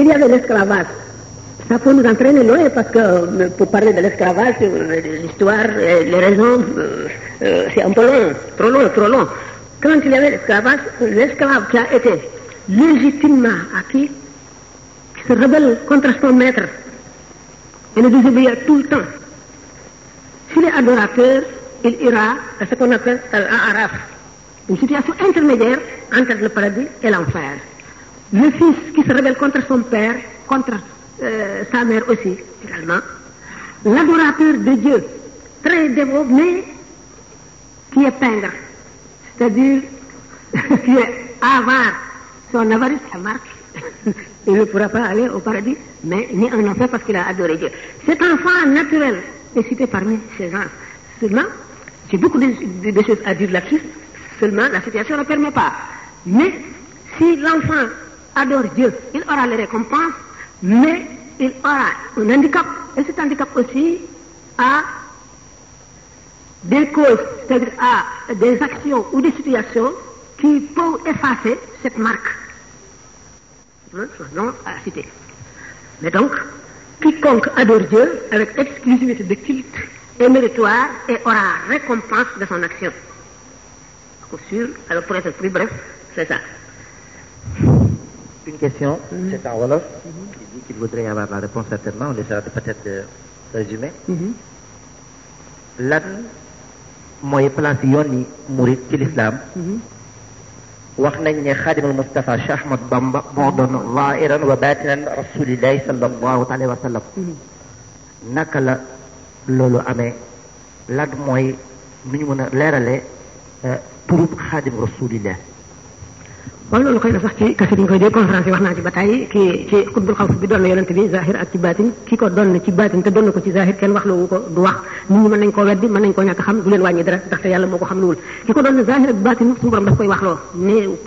il y avait l'esclavage. Ça faut nous entraîner loin parce que pour parler de l'esclavage, euh, l'histoire, euh, les raisons, euh, c'est un peu trop long, trop long. Quand il y avait l'esclavage, l'esclave qui a été légitimement acquis, qui se rebelle contre son maître et le désobéir tout le temps. S'il est adorateur, il ira à ce qu'on appelle une situation intermédiaire entre le paradis et l'enfer. le fils qui se rebelle contre son père, contre euh, sa mère aussi, finalement, l'adorateur de Dieu, très dévot, mais qui est pingre, c'est-à-dire qui est avare. Son avarice, ça marche. Il ne pourra pas aller au paradis, mais ni en enfer parce qu'il a adoré Dieu. Cet enfant naturel est cité parmi ces gens. Seulement, j'ai beaucoup de, choses à dire là-dessus, seulement la situation ne permet pas. Mais si l'enfant adore Dieu, il aura les récompenses, mais il aura un handicap. Et cet handicap aussi a des causes, c'est-à-dire à des actions ou des situations qui peuvent effacer cette marque. Mais donc, quiconque adore Dieu avec exclusivité de culte est méritoire et aura récompense de son action. Au sûr, pour être plus bref, c'est ça. une question, mm -hmm. c'est en Wolof. Mm -hmm. Il dit mhm. lan mooy place yoon yi murid ci lislaam mhm. wax nañ ne xaadimal Mustafa Cheikh Ahmad Bamba moo doon zaahiran wa mhm. amee lan mooy nu ñu mën a leerale euh, turub waaw loolu xëy na sax ci kaset yi ñu koy dee conférence yi wax naa ci ba tàyyi kii ci xutbul xaw bi doon na yonent bi zahir ak ci ki ko doon na ci baatin te doon na ko ci zahir kenn wax loowu du wax nit ñi mën nañ koo weddi mën nañ koo ñàkk xam du leen wàññi dara ndaxte yàlla moo ko xam luwul ki ko doon na ak baatin koy wax loo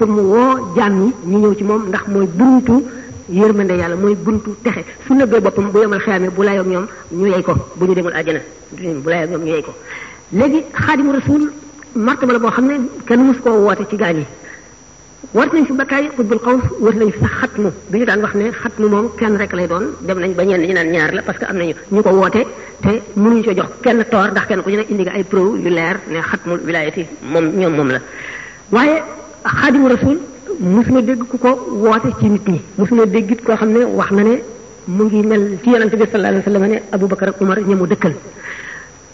woo jaam ñi ci moom ndax mooy buntu yërmande yàlla mooy buntu texe su nëbbee boppam bu yemal xeyaame bu layoog ñoom ñu yey ko bu ñu demul àjjana bu layoog ñoom ñu yey ko léegi xaadimu rasul martaba la boo xam ne kenn mosu koo woote ci gaañ yi war nañ fi ba tàyyi xutbul xaws war nañ fi sax xatmu ñu daan wax ne xat xatmu moom kenn rek lay doon dem nañ ba ñeen ñi naan ñaar la parce que am nañu ñu ko woote te ñu ko jox kenn toor ndax kenn ku ñu ne indi nga ay pro yu leer ne xatmul wilaayati moom ñoom moom la waaye xaadimu rasul mosula dégg ku ko woote ci nit ñi mosula dégg it koo xam ne wax na ne mu ngi mel ci yonente bi sallallahu alayhi wa sallam ne Abubakar ak Umar ñi mu dëkkal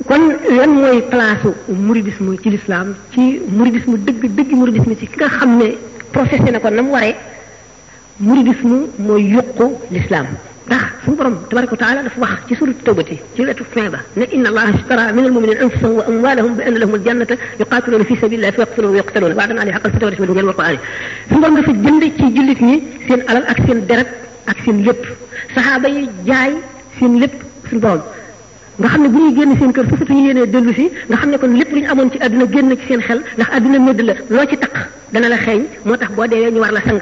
kon lan mooy place mouridisme ci lislaam ci mouridisme dëgg dëgg mouridisme ci ki nga xam ne professé na ko nam waree mouridisme mooy yokku lislaam ndax suñu borom tabaraka wa taala dafa wax ci suratu tawbati ci wetu fin ba ne inna allaha ashtara min almuminina anfusahum wa amwalahum bi anna lahum aljannata yuqatiluna fi sabilillahi fa yaqtuluna wa yuqtaluna waadan alayhi haqqan fi tawrati wal injil ci jullit ñi alal ak seen deret ak seen lépp saxaaba yi jaay seen lépp suñu nga xam ne bu ñuy génn seen kër fasatuñu yéenee dellu si nga xam ne kon lépp lu ñu amoon ci àdduna génn ci seen xel ndax àdduna médd la loo ci taq dana la xeeñ moo tax boo deewee ñu war la sang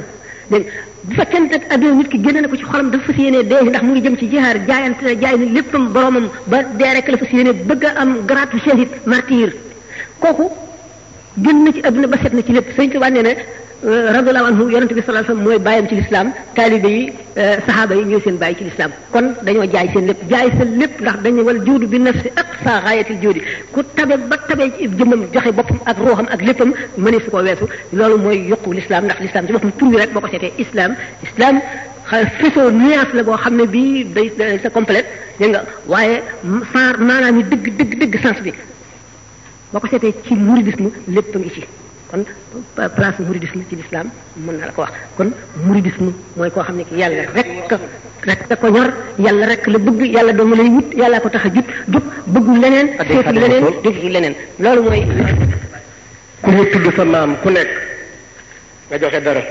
dégg bu fekkente nag àdduna nit ki génn na ko ci xolam dafa fas yéenee dee ndax mu ngi jëm ci jihaar jaayante na jaay ni léppam boromam ba dee rek la fas yéenee bëgg a am gratu shahid martyr kooku génn na ci àdduna ba set na ci lépp sëñ Tuubaa nee na radiyallahu anhu yonent bi sallallahu alayhi wasallam mooy bàyyam ci lislaam taalibe yi euh, saxaaba yi ñooy seen bàyyi ci lislaam kon dañoo jaay seen lépp jaay seen lépp ndax dañu wal juudu bi nafsi aqsa gaayatil juudi ku tabe ba tabe ci jëmmam joxe boppam ak ruuxam ak léppam mënee su ko weesu loolu mooy yokku lislaam ndax lislaam ci boppam tur wi rek boo ko seetee islam islam xa façon nuance la boo xam ne bii day c'est complète dégg nga waaye sans maanaam yi dëgg dëgg dëgg sens bi boo ko seetee ci mouridisme lépp ngi ci kon place mouridisme ci lislaam mën na la ko wax kon mouridisme mooy koo xam ne ki yàlla rek rek da ko ñor yàlla rek la bëgg yàlla dong lay wut yàlla ko tax a jut jub bëggul leneen seetu leneen déglu leneen loolu mooy ku mu tudd sa maam ku nekk nga joxe dara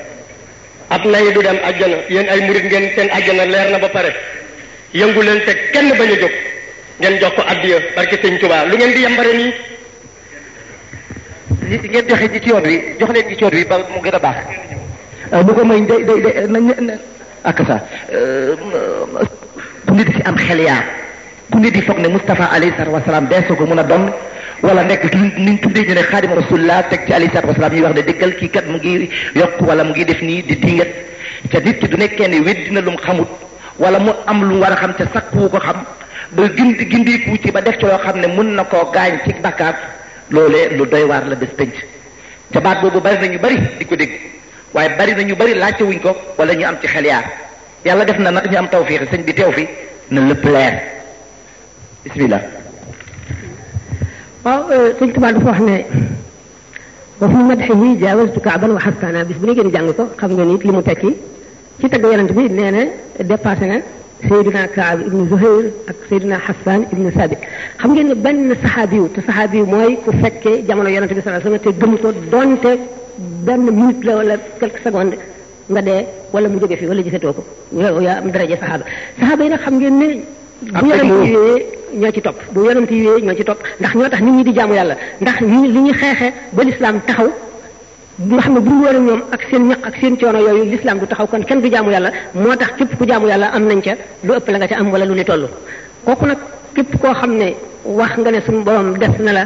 ab nay du dem àjjana yéen ay murid ngeen seen àjjana leer na ba pare yëngu leen kenn bañ a jóg ngeen jox ko addiya barke sëñ Tuubaa lu ngeen di yambare nii li ngeen joxe ñi ci yoon wi jox leen ñi ci yoon wi ba mu gën a baax. Euh, bu ko may day day day sa ku euh, nit ki am xel yaa ku nit yi foog ne Moustapha alayhi salaatu wasalaam deesoo ko mun a doon wala nekk ki niñ tuddee ñu ne xaadim rasulullah teg ci alayhi salaatu wasalaam ñuy wax ne dëggal kii kat mu ngi yokk wala mu ngi def nii di dingat ca nit ki du nekkee ne weddi na lu mu xamut wala mu am lu mu war a xam ca sakku ko xam ba gindi gindiku ci ba def ci loo xam ne mun na koo gaañ ci loolee lu doy waar la bés pénc te baat boobu bari na ñu bari di ko dégg waaye bari na ñu bari laajte wuñ ko wala ñu am ci xel yaar yàlla def na nag ñu am tawfiix sëñ bi teew fi na lépp leer bismillah waaw euh, sëñ Tuubaa dafa wax ne wa fi madhihi jaawastu kaaban wa xaskaana bis bu ñu gën jàng ko xam nga ni li mu tekki ci tagg yonent bi nee na dépassé na Seydina Kaab ibnu Zuhayr ak Seydina Hassan ibnu Sabit xam ngeen ne benn saxaabi yu te saxaabi yu mooy ku fekkee jamono yonente bi sallallahu alayhi wasallam te gëm ko donte benn minute la wala quelques secondes nga dee wala mu jóge fi wala gisatoo ko yow yaa am daraja saxaaba saxaaba yi nag xam ngeen ne bu yonent yi wee ñoo ci topp bu yonent yi wee ñoo ci topp ndax ñoo tax nit ñi di jaamu yàlla ndax ñi li ñu xeexe ba lislaam taxaw nga xam ne bu ñu woon ak ñoom ak seen ñaq ak seen coono yooyu lislaam du taxaw kon kenn du jaamu yàlla moo tax képp ku jaamu yàlla am nañ ca lu ëpp la nga ca am wala lu ni toll kooku nag képp koo xam ne wax nga ne suñu borom def na la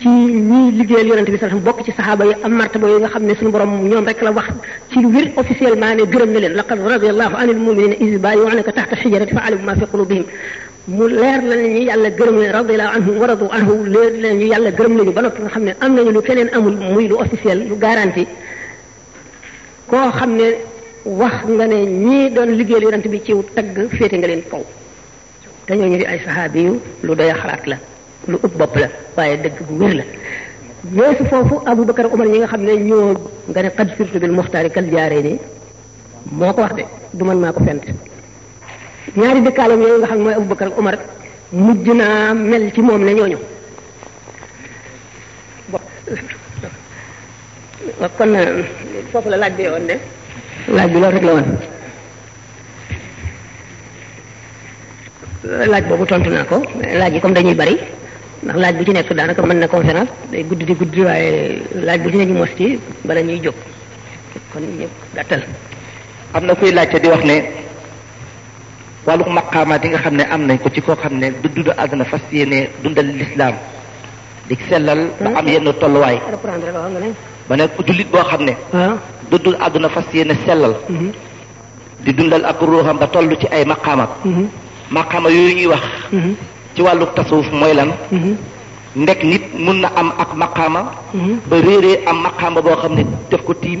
ci ñiy liggéeyal yonente bi sallallahu bokk ci saxaaba yi am martaba yi nga xam ne suñu borom ñoom rek la wax ci lu wér officiellement ne gërëm na leen laqad radiyallahu anil mu'minina iz bay'unaka tahta shajarati fa'alima ma fi qulubihim mu leer la ne ñu yàlla gërëm leen radiyallahu anhum wa anhu leer la yàlla gërëm lañu ba noppi nga xam ne am nañu lu keneen amul muy lu officiel lu garanti koo xam ne wax nga ne ñii doon liggéeyal yonent bi ciw tagg féete nga leen kaw te ñooñu di ay saxaabi lu doy xalaat la lu ëpp bopp la waaye dëgg bu wér la yeesu foofu Abubakar Umar ñi nga xam ne ñoo nga ne qad sirtu bil muxtaari nii moo ko wax de du man maa ko fent ñaari dëkkaaleem yooyu nga xam ne mooy Abubakar ak Umar mujj naa mel ci moom ne ñooñu kon euh, foofu la laaj bi woon de laaj bi loolu rek la woon laaj boobu tontu naa ko laaj yi comme dañuy bari ndax laaj bu ci nekk daanaka mën na conférence day guddi di guddi waaye laaj bu ci ne ñu bala ñuy jóg kon ñëpp gàttal am na kuy laajte di wax ne wàllu maqaamaat di nga xam ne am nañ ko ci koo xam ne du dund àdduna fas yéene dundal lislaam di sellal ba am yenn tolluwaay ba ne jullit boo xam ne ah. dund àdduna fas yéene sellal mm-hmm. di dundal ak ruuxam ba toll ci ay maqaamat mm-hmm. maqaama yooyu ñuy wax mm-hmm. ci wàllu tasawuf mooy lan ndek nit mun na am ak maqaama ba réeree am maqaama boo xam ne def ko tiim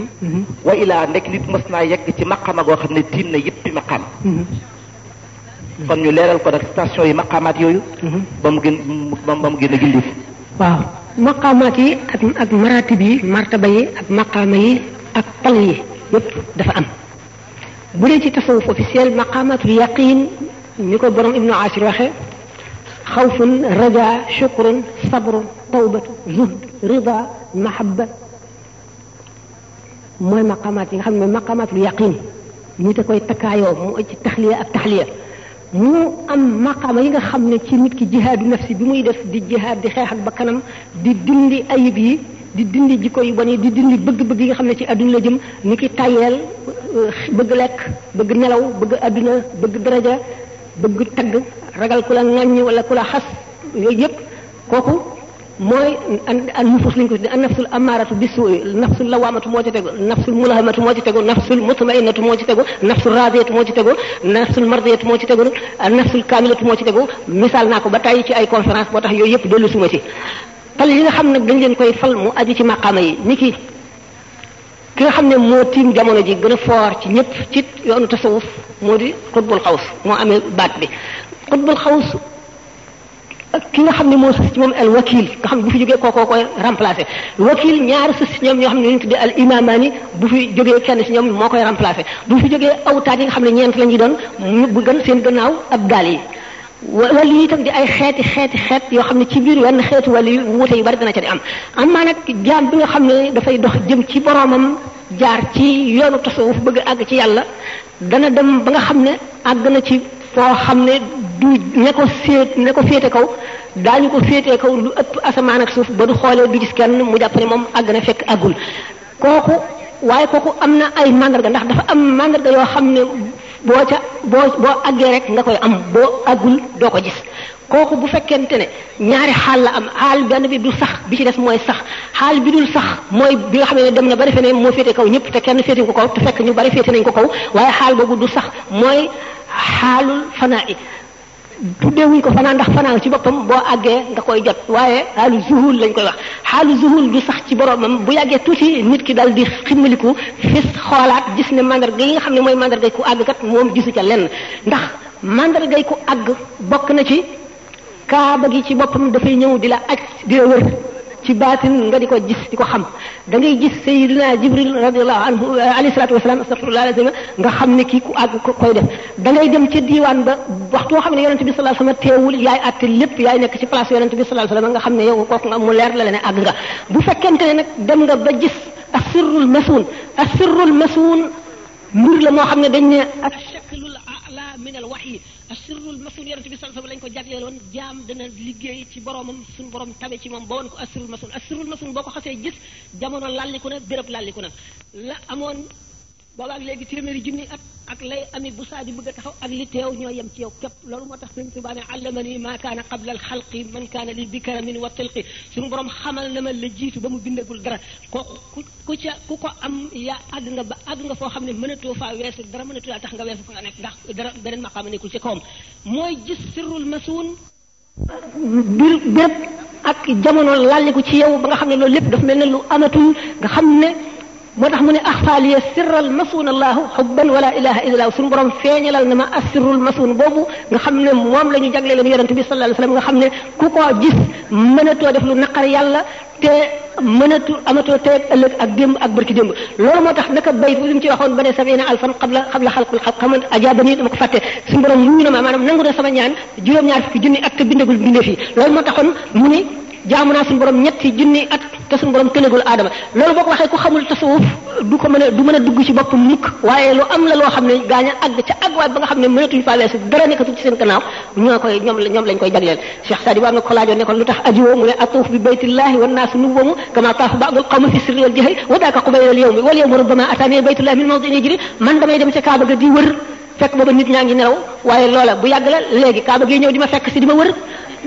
wa ilaa ndek nit mos naa yegg ci maqaama goo xam ne tiim na yëppi maqaama kon ñu leeral ko nag station yi maqaamaat yooyu. Mhm. ba mu gën ba mu gën a gindi. waaw maqaamaat yi ak ak maratib yi martaba yi ak maqaama yi ak pal yi yëpp dafa am bu dee ci tasawuf officiel maqaamaatul yaqin ni ko borom Ibnu Asir waxe xawfun rajaa shukrun sabrun tawbatu zuhd rida mahabba mooy maqaamaat yi nga xam ne mooy maqaamaatul yaqin ñi te koy takkaayoo mu ci taxliya ak taxliya mu am maqaama yi nga xam ne ci nit ki jihaadu nafsi bi muy def di jihaad di xeex ak kanam di dindi ayib yi di dindi jikko yu bon yi di dindi bëgg-bëgg yi nga xam ne ci àdduna la jëm ni ki tayeel euh, bëgg lekk bëgg nelaw bëgg àdduna bëgg daraja bëgg tagg ragal ku la ŋàññi wala ku la xas yooyu yëpp kooku mooy an nufus lañ ko tuddee an nafsul amaaratu bisu nafsul lawaamatu moo ci tegu nafsul mulahamatu moo ci tegu nafsul mutmainnatu moo ci tegu nafsul raadiyatu moo ci tegu nafsul mardiyatu moo ci tegu nafsul kaamilatu moo ci tegu misaal naa ko ba tàyyi ci ay conférence boo tax yooyu yëpp dellu suma ci fal yi nga xam nag dañ leen koy fal mu aju ci maqaama yi ni ki ki xam ne moo tiim jamono ji gën a foor ci ñëpp ci yoonu tasawuf moo di xutbul xaws moo amee baat bi xutbul xaws ak ki nga xam ne moo sës ci moom al wakil nga xam ne bu fi jógee kookoo koy remplacé wakil ñaar sës ci ñoom ñoo xam ne ñu tuddee al imamaani bu fi jógee kenn ci ñoom moo koy remplacé bu fi jógee awtaat yi nga ne ñeent la ñuy doon bu gën seen gannaaw ab gaal yi wàllu yi itam di ay xeeti xeeti xeet yoo xam ne ci biir wenn xeetu wàllu yu wuute yu bari dana ca di am am maa nag jaam bi nga xam ne dafay dox jëm ci boromam jaar ci yoonu tasawuf bëgg àgg ci yàlla dana dem ba nga xam ne àgg na ci foo xam ne du ne ko féet ne ko féete kaw ñu ko féetee kaw lu ëpp asamaan ak suuf ba du xoolee du gis kenn mu jàpp ne moom àgg na fekk àggul kooku waaye kooku am na ay mandarga ndax dafa am mandarga yoo xam ne boo ca boo boo àggee rek nga koy am boo àggul doo ko gis kooku bu fekkente ne ñaari xaal la am xaal benn bi du sax bi ci des mooy sax xaal bi dul sax mooy bi nga xam ne dem na ba feneen moo féete kaw ñëpp te kenn féete ko kaw te fekk ñu bari féete nañ ko kaw waaye xaal boobu du sax mooy xaalul fanaa i tuddee wuñ ko fanaa ndax fanaaw ci boppam boo àggee nga koy jot waaye xaalu zuhul lañ koy wax xaalu zuhul du sax ci boromam bu yàggee tuuti nit ki dal di ximmaliku fis xoolaat gis ne mandarga yi nga xam ne mooy mandarga ku àgg kat moom gisu ca lenn ndax mandarga ku àgg bokk na ci kaaba gi ci boppam dafay ñëw di la aj di la wër ci baatin nga di ko gis di ko xam da ngay gis sayyidina jibril radiallahu anhu eh, alayhi salatu wasalaam astafirullah nga xam ne kii ku àgg koy def da ngay dem ca diiwaan ba waxtu xam ne yonente bi sallallahu alayhi wasallam teewul yaay àtte lépp yaay nekk ci place yonente bi sallallahu alayhi wasallam nga xam ne yow kooku nga mu leer la la ne àgg nga bu fekkente ne nag nga ba gis asirrul masuun asirrul masuun mbir la moo xam ne dañ ne ashaklul ala min al wahyi asirul masul yonente bi sallallahu alayhi wasallam lañ ko jagleel woon jaam dana liggéey ci boromam suñu borom tabe ci moom ba woon ko asirul masul asirul masul boo ko xasee gis jamono lalliku na béréb lalliku na la amoon boobaak léegi téeméeri junni at ak lay ami bu saadi bëgg a taxaw ak li teew ñoo yem ci yow képp loolu moo tax suñ tubaane allamani maa kaana qabla al xalqi man kaana li bi karamin wa tilqi suñu borom xamal ma la jiitu ba mu bindagul dara ko ku ca ku ko am yaa àgg ba àgg nga xam ne mënatoo faa weesu dara mënatu laa tax nga weesu fa nga ndax dara beneen maqaama nekkul ci kawam mooy gis sirrul masuun bir béréb ak jamono lalliku ci yow ba nga xam ne loolu lépp daf mel ne lu amatul nga xam ne moo tax mu ne axfaaliya sirral masuun allahu xubban wala ilaha illallah suñu borom feeñalal na ma assirrul masuun boobu nga xam ne moom la ñu jagle leen yonent bi sallallahu alayhi wasallam nga xam ne ku ko gis mënatoo def lu naqar yàlla te mënatu amatoo tey ëllëg ak démb ak barki démb loolu moo tax naka bayt bu li mu ci waxoon ba ne sabina alfan xabla xabla xalqul xalq xaman ajabani dama ko fàtte suñu borom wuyu na ma maanaam nangu na sama ñaan juróom-ñaar fukki junni ak bindagul bindee fii loolu moo taxoon mu ni jaamu naa suñu borom ñetti junni at te borom tënagul aadama loolu boo ko waxee ku xamul tasawuf du ko mën a dugg ci boppam mukk waaye lu am la loo xam ne gaañ a àgg ca àgg waay ba nga xam ne mënatuñu faa weesu dara nekkatul ci seen gannaaw ñoo koy ñoom na ko laajoon ne kon lu tax ajiwoo mu ne atuuf bi baytillahi wa naasu nuwwamu kama taafu ba'dul qawmi fi sirri wal wa daaka qubayla al yawmi wal yawmu rubbama ataani baytullahi min mawdini jiri man damay dem ca Kaaba ga di wër fekk booba nit ñaa ngi nelaw waaye loola bu yàgg la léegi Kaaba gi ñëw di ma fekk si di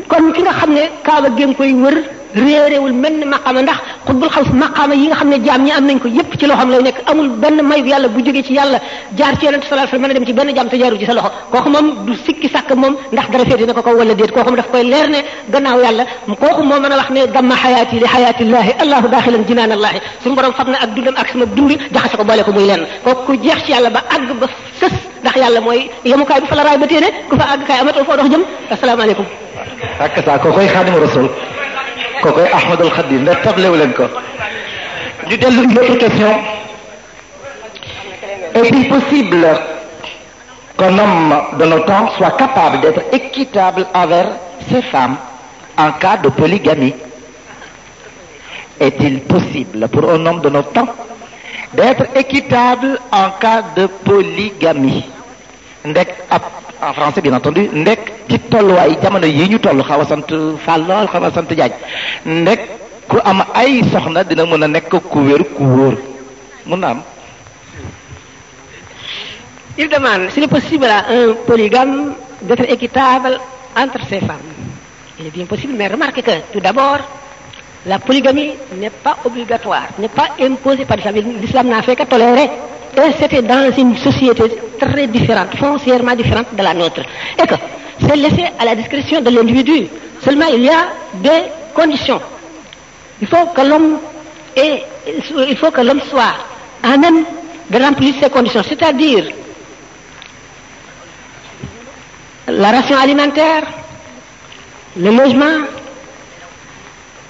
kon ki nga xam ne kaaba génn koy wër réeréwul menn maqaama ndax xutbul xaw maqaama yi nga xam ne jaam ñi am nañ ko yépp ci loxoom lay nekk amul benn mayu yàlla bu jógee ci yàlla jaar ci yonent sallallahu alayhi wasallam mën a dem ci benn jaam te sa loxo kooku moom du sikki sàkk moom ndax dara féete na ko ko wala déet kooku daf koy leer ne gannaaw yàlla kooku moo mën a wax ne damma xayaati li xayaatillahi allahu daaxilan jinaan allahi suñu borom fab na ak dundam ak sama dund jaxase ko boole ko muy lenn mooy yemukaay bu fa la raay ba téere ku fa ak saa koo rasul koo koy ahmadul xadim ndax tablewu leen ko ñu dellu une autre est-il possible qu'un homme de nos temps soit capable d'être équitable envers ses femmes en cas de polygamie est-il possible pour un homme de notre temps d'être équitable en cas de polygamie en français bien entendu ndek ci tolluwaay jamono yi ñu toll xaw a sant Fall lool a sant Diagne ndek ku am ay soxna dina mën a nekk ku wér ku wóor mun na am. Il demande s'il est possible à un polygame d'être équitable entre ses femmes. Il est bien possible, mais remarquez que tout d'abord, la polygamie n'est pas obligatoire, n'est pas imposée par l'islam. L'islam n'a fait que tolérer et c'était dans une société très différente, foncièrement différente de la nôtre. c'est laissé à la discrétion de l'individu. Seulement, il y a des conditions. Il faut que l'homme ait, soit à même de remplir ces conditions, c'est-à-dire la ration alimentaire, le logement,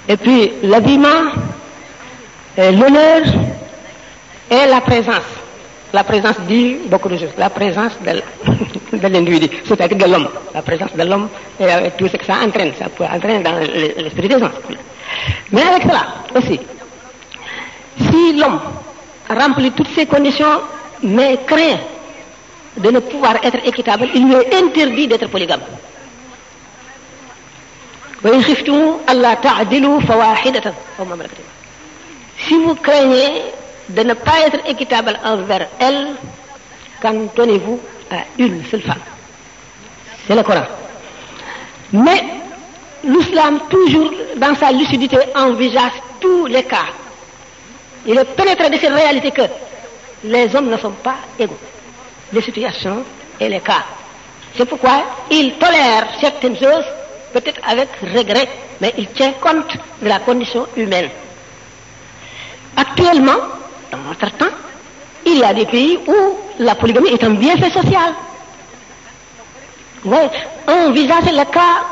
et puis l'habillement, l'honneur et la présence. la présence dit beaucoup de de l'individu, c'est-à-dire de l'homme. La présence de l'homme et avec euh, tout ce que ça entraîne, dans l'esprit des gens. Mais avec cela aussi, si l'homme remplit toutes ces conditions, mais craint de ne pouvoir être équitable, il lui est interdit d'être polygame. Si vous craignez de ne pas être équitable envers elle, cantonnez-vous à une seule femme. C'est le Coran. Mais l'islam, toujours dans sa lucidité, envisage tous les cas. Il est pénétré de cette réalité que les hommes ne sont pas égaux. Les situations et les cas. C'est pourquoi il tolère certaines choses, peut-être avec regret, mais il tient compte de la condition humaine. Actuellement, Dans votre temps, il y a des pays où la polygamie est un bienfait social. Mais envisager le cas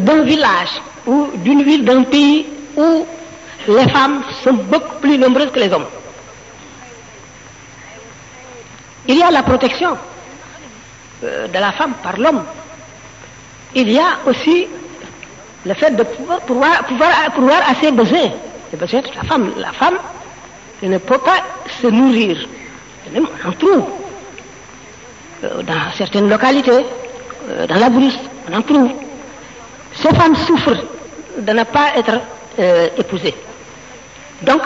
d'un village ou d'une ville, d'un pays où les femmes sont beaucoup plus nombreuses que les hommes. Il y a la protection eh, de la femme par l'homme. Il y a aussi le fait de pouvoir, à ses besoins. c'est peut-être la femme. La femme, elle ne peut pas se nourrir. Même on en trouve. Euh, dans certaines localités, euh, dans la brousse, on en trouve. Ces femmes souffrent de ne pas être euh, Donc,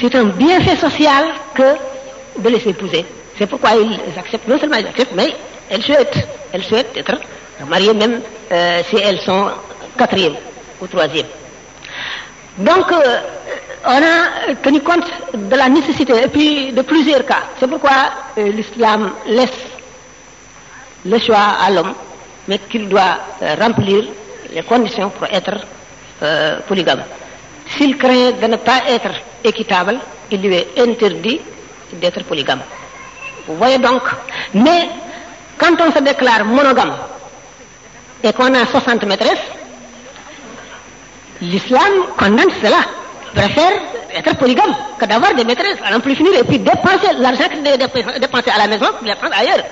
c'est un bienfait social que de les épouser. C'est pourquoi ils acceptent, non seulement ils acceptent, mais elles souhaitent, être mariées même euh, si elles sont quatrième ou troisième. Donc, euh, on a tenu compte de la nécessité et puis de plusieurs cas. C'est pourquoi euh, l'islam laisse le choix à l'homme, mais qu'il doit euh, remplir les conditions pour être euh, polygame. S'il craint de ne pas être équitable, il lui est interdit d'être polygame. Vous voyez donc, mais quand on se déclare monogame et qu'on a 60 l'islam condamne cela. Il préfère être polygame que d'avoir des maîtresses à n'en plus finir et puis dépenser l'argent que dépenser à la maison, dépenser ailleurs.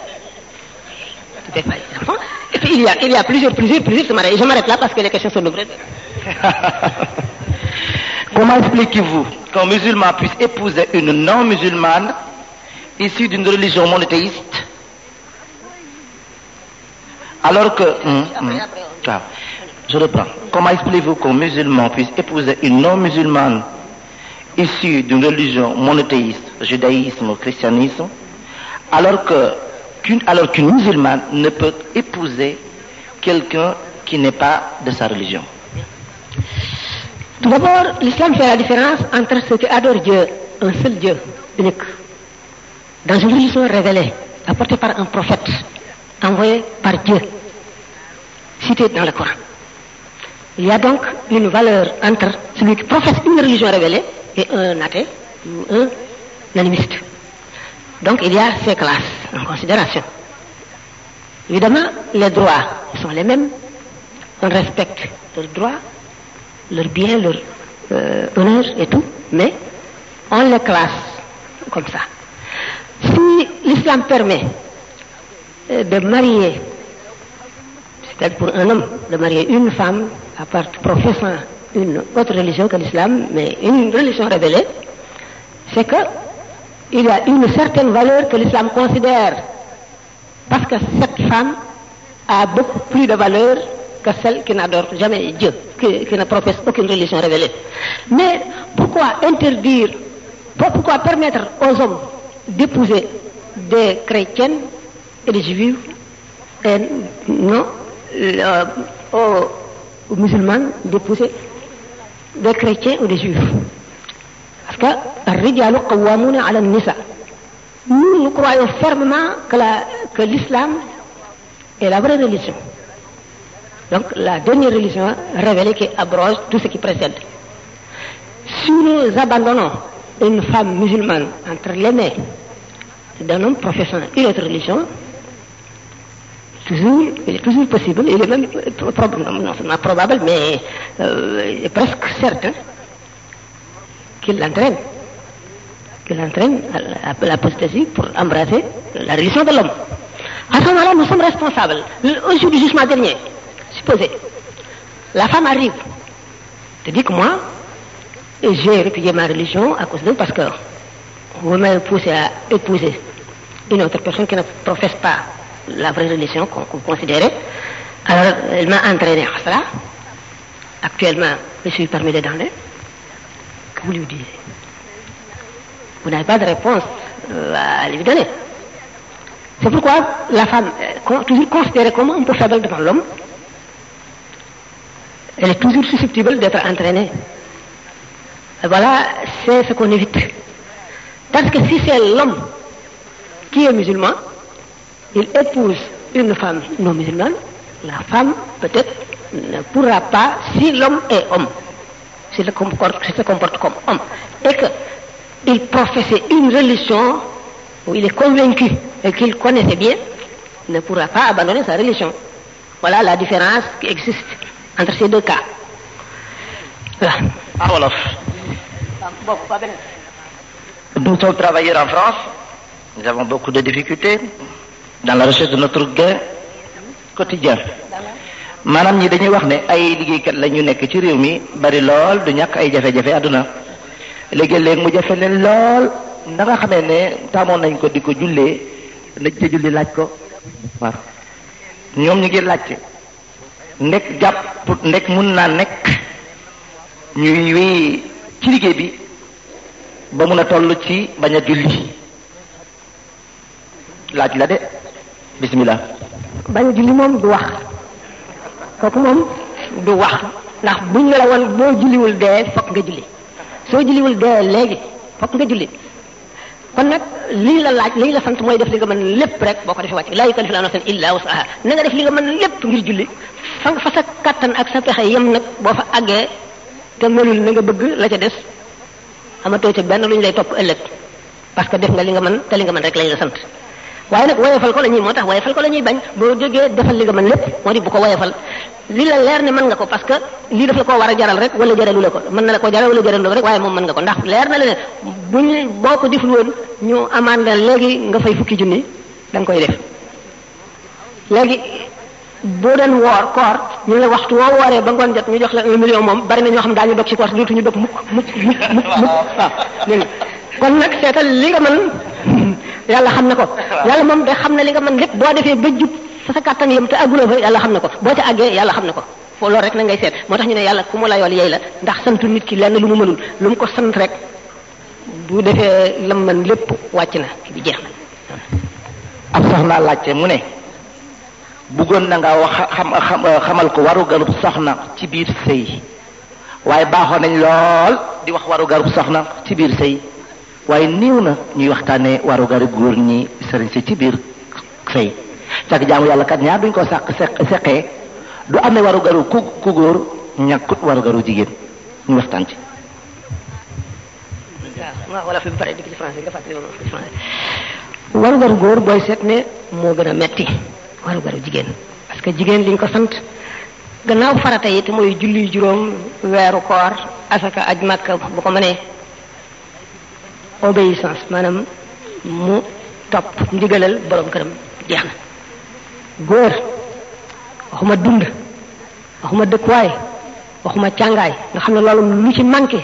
Et puis il y a, il y a plusieurs, plusieurs, plusieurs mariages. Je m'arrête là parce que les questions sont nombreuses. Comment expliquez-vous qu'un musulman puisse épouser une non-musulmane issue d'une religion monothéiste alors que... Hum, hum, ah. Je reprends. Comment expliquez-vous qu'un musulman puisse épouser une non-musulmane issue d'une religion monothéiste, judaïsme, christianisme, alors que qu'une musulmane ne peut épouser quelqu'un qui n'est pas de sa religion. Tout d'abord, l'islam fait la différence entre ceux qui adorent Dieu, un seul Dieu, unique, dans une religion révélée, apportée par un prophète, envoyé par Dieu, cité dans le Coran. Il y a donc une valeur entre celui qui professe une religion révélée et un athée ou un animiste. Donc il y a ces classes en considération. Évidemment, les droits sont les mêmes. On respecte leurs droits, leurs biens, leurs euh, honneur et tout, mais on les classe comme ça. Si l'islam permet euh, de marier C'est-à-dire pour un homme de marier une femme à part professant une autre religion que l'islam, mais une religion révélée, c'est que y a une certaine valeur que l'islam considère, parce que cette femme a beaucoup plus de valeur que celle qui n'adore jamais Dieu, qui, qui, ne professe aucune religion révélée. Mais pourquoi interdire, pourquoi permettre aux hommes d'épouser des chrétiennes et des juifs et eh, non aux musulmans d'épouser des chrétiens ou des juifs. Parce que الرجال قوامون que, la, que l'islam est la vraie religion. Donc la dernière religion révélée qui abroge tout ce qui précède. Si nous abandonnons une femme musulmane entre les mains d'un homme professant une autre religion, toujours il est toujours possible il est même non seulement probable mais euh, presque certain qu'il l'entraîne qu'il l'entraîne à l'apostasie pour embrasser la religion de l'homme à là nous sommes responsables au jour du jugement dernier supposez la femme arrive te dit que moi j'ai répudié ma religion à cause de parce que vous m'avez poussé à épouser une autre personne qui ne professe pas la vraie religion qu'on qu considérait. Alors, elle m'a entraîné à Actuellement, je suis parmi les dangers. Que vous lui disiez Vous n'avez pas de réponse euh, à lui C'est pourquoi la femme euh, toujours considérée comme un peu devant l'homme. Elle est toujours susceptible d'être entraînée. voilà, c'est ce qu'on évite. Parce que si c'est l'homme qui est musulman, il épouse une femme non musulmane, la femme peut-être ne pourra pas, si l'homme est homme, s'il se comporte, comme homme, et qu'il professait une religion où il est convaincu et qu'il connaissait bien, ne pourra pas abandonner sa religion. Voilà la différence qui existe entre ces deux cas. Ah, nous sommes travailleurs en France, nous avons beaucoup de difficultés. dans la recherche de notre gain quotidien maanaam ñi dañuy wax ne ay liggéeykat la ñu nekk ci réew mi bari lool du ñàkk ay jafe-jafe àdduna léegi-léegi mu jafe leen lool na nga ne taamoon nañ ko di ko jullee nañ ca julli laaj ko waaw ñoom ñu laaj laajte nekk jàpp nekk mun naa nekk ñuy wéy ci liggéey bi ba mun a toll ci bañ a julli laaj la de bismillah bañ julli moom du wax kooku moom du wax ndax bu buñ la woon boo julliwul dee fokk nga julli soo julliwul dee léegi fokk nga julli kon nag lii la laaj lii la sant mooy def li nga mën lépp rek boo ko defee wàcc laa yukallifu nafsan illa wusaha na nga def li nga mën lépp ngir julli fa fa sa kattan ak sa pexe yem nag boo fa àggee te melul na nga bëgg la ca des amatoo ca benn lu ñu lay topp ëllëg parce que def nga li nga mën te li nga mën la sant waaye nag woyefal ko la moo tax woyefal ko la ñuy bañ boo jógee defal li nga mën lépp moo di bu ko woyefal li la leer ne mën nga ko parce que lii daf la koo war a jaral rek wala jaralu la ko mën na la koo jaral wala jaralu rek waaye moom mën nga ko ndax leer na la ne buñ boo ko deful woon ñu amaan la léegi nga fay fukki junni da koy def léegi boo doon woor koor ñu la waxtu woo wooree ba ngoon jot ñu jox la un moom bari na ñoo xam daañu dog ci koor dootuñu dog kon nag seetal li nga mën yàlla xam na ko yàlla moom da xam na li nga mën lépp boo defee ba jub sa sa kàttan yam te àgguloo xam na ko boo ca àggee yàlla xam na ko foo rek na ngay seet moo tax ñu ku mu la yool la ndax santu nit ki lenn lu mu mënul lu mu ko sant rek bu defee lam mën lépp wàcc na ki bi jeex na ab soxnaa laajte mu ne buggoon na nga wax xamal ko waru garub soxna ci biir sëy waaye baaxoo nañ lool di wax waru garub soxna ci biir sëy waaye néew na ñuy waxtaanee warugaru góor ñi sëriñ si ci biir fay càkk jaamu yàlla kat ñaar duñ ko sàq seq seqee du amee warugaru ku ku góor ñàkkut warugaru jigéen ñu waxtaan ci. waaw warugaru góor booy seet ne moo gën a metti warugaru jigéen parce que jigéen liñ ko sant gannaaw farata yi te mooy julli juróom weeru koor asaka aj màkk bu ko mënee. obéissance maanaam mu topp ndigalal borom këram jeex na góor waxuma dund waxuma dëkkuwaay waxuma càngaay nga xam ne loolu lu ci manqué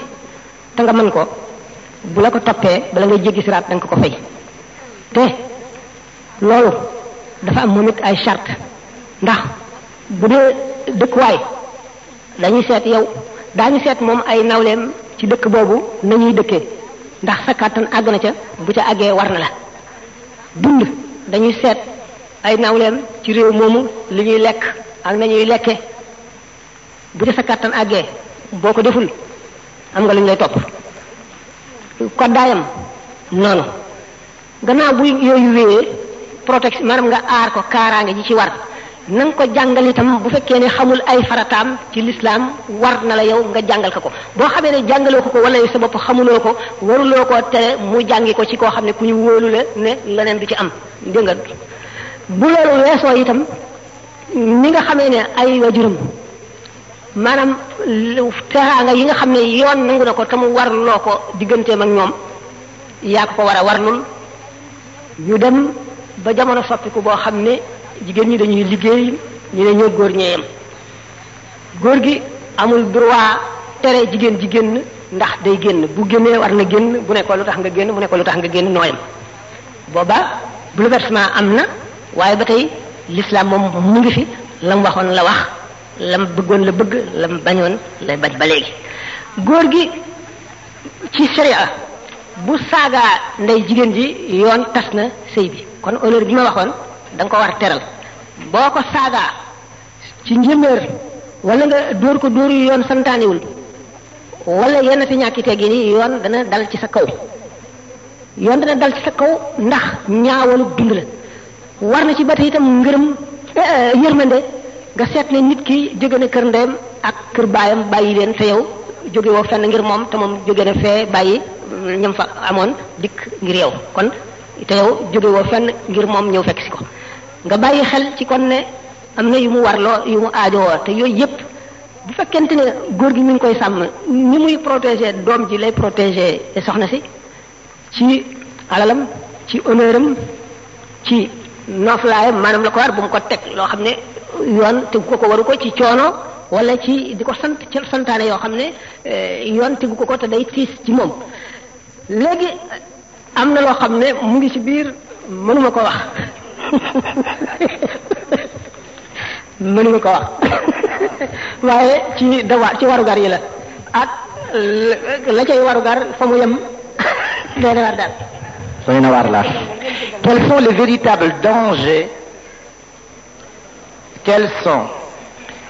te nga mën ko bu la ko toppee bala ngay jéggi siraat da ko fay te loolu dafa am moom it ay charte ndax bu dee dëkkuwaay dañuy seet yow daañu seet moom ay nawleem ci dëkk boobu nañuy dëkkee ndax sa kàttan àgg na ca bu ca àggee war na la dund dañuy seet ay nawleem ci réew moomu li ñuy lekk ak ñuy lekke bu ca sa kàttan àggee boo ko deful am nga lu ñu lay topp koddaayam noonu gannaaw bu yooyu wéyee protection maanaam nga aar ko kaaraange ji ci war na ko jàngal itam bu fekkee ne xamul ay farataam ci lislaam war na la yow nga jàngal ko boo xamee ne jàngaloo ko ko wala sa bopp xamuloo ko waruloo ko tere mu jàngi ko ci koo xam ne ku ñu wóolu la ne leneen du ci am dégg nga bu loolu weesoo itam ni nga xamee ne ay wajuram maanaam teraanga yi nga xam ne yoon nangu na ko te mu warloo ko digganteem ak ñoom yaa ko ko war a warlul ñu dem ba jamono soppiku boo xam ne jigéen ñi dañuy liggéey ñu ne ñoo góor ñeeyam góor gi amul droit tere jigéen ji génn ndax day génn bu génnee war na génn bu ne lu tax nga génn bu ne lu tax nga génn nooyam booba bouleversement am na waaye ba tey lislaam moom mu ngi fi lam waxoon la wax lam bëggoon la bëgg lam bañoon lay bañ ba léegi góor gi ci sharia bu saaga ndey jigéen ji yoon tas na sëy bi kon honneur bi ma waxoon da ko war a teral boo ko saagaa ci njëméer wala nga dóor ko dóor yu yoon santaaniwul wala yenn ti ñàkkitee gi ni yoon dana dal ci sa kaw yoon dana dal ci sa kaw ndax ñaawalu dund la war na ci ba tey itam ngërëm eh, yërmande nga seet ne nit ki jóge na kër ndeyam ak kër baayam bàyyi leen te yow jóge woo fenn ngir moom te jóge na fee bàyyi ñam fa amoon dikk ngir yow kon te yow jóge woo fenn ngir moom ñëw fekk si ko nga bàyyi xel ci kon ne am na yu mu loo yu mu aajowoo te yooyu yëpp bu fekkente ne góor gi mi ngi koy sàmm ni muy protéger doom ji lay protéger soxna si ci alalam ci honneuram ci noflaayam maanaam la ko war bu mu ko teg loo xam ne yoon tegu ko ko waru ko ci coono wala ci di ko sant ci santaane yoo xam ne eh, yoon tegu ko ko te day tiis ci moom léegi am na loo xam ne mu ngi ci biir mënuma ko wax mënuma ko wax waaye ci dawa ci yi la ak la cay warugar fa mu yem quels sont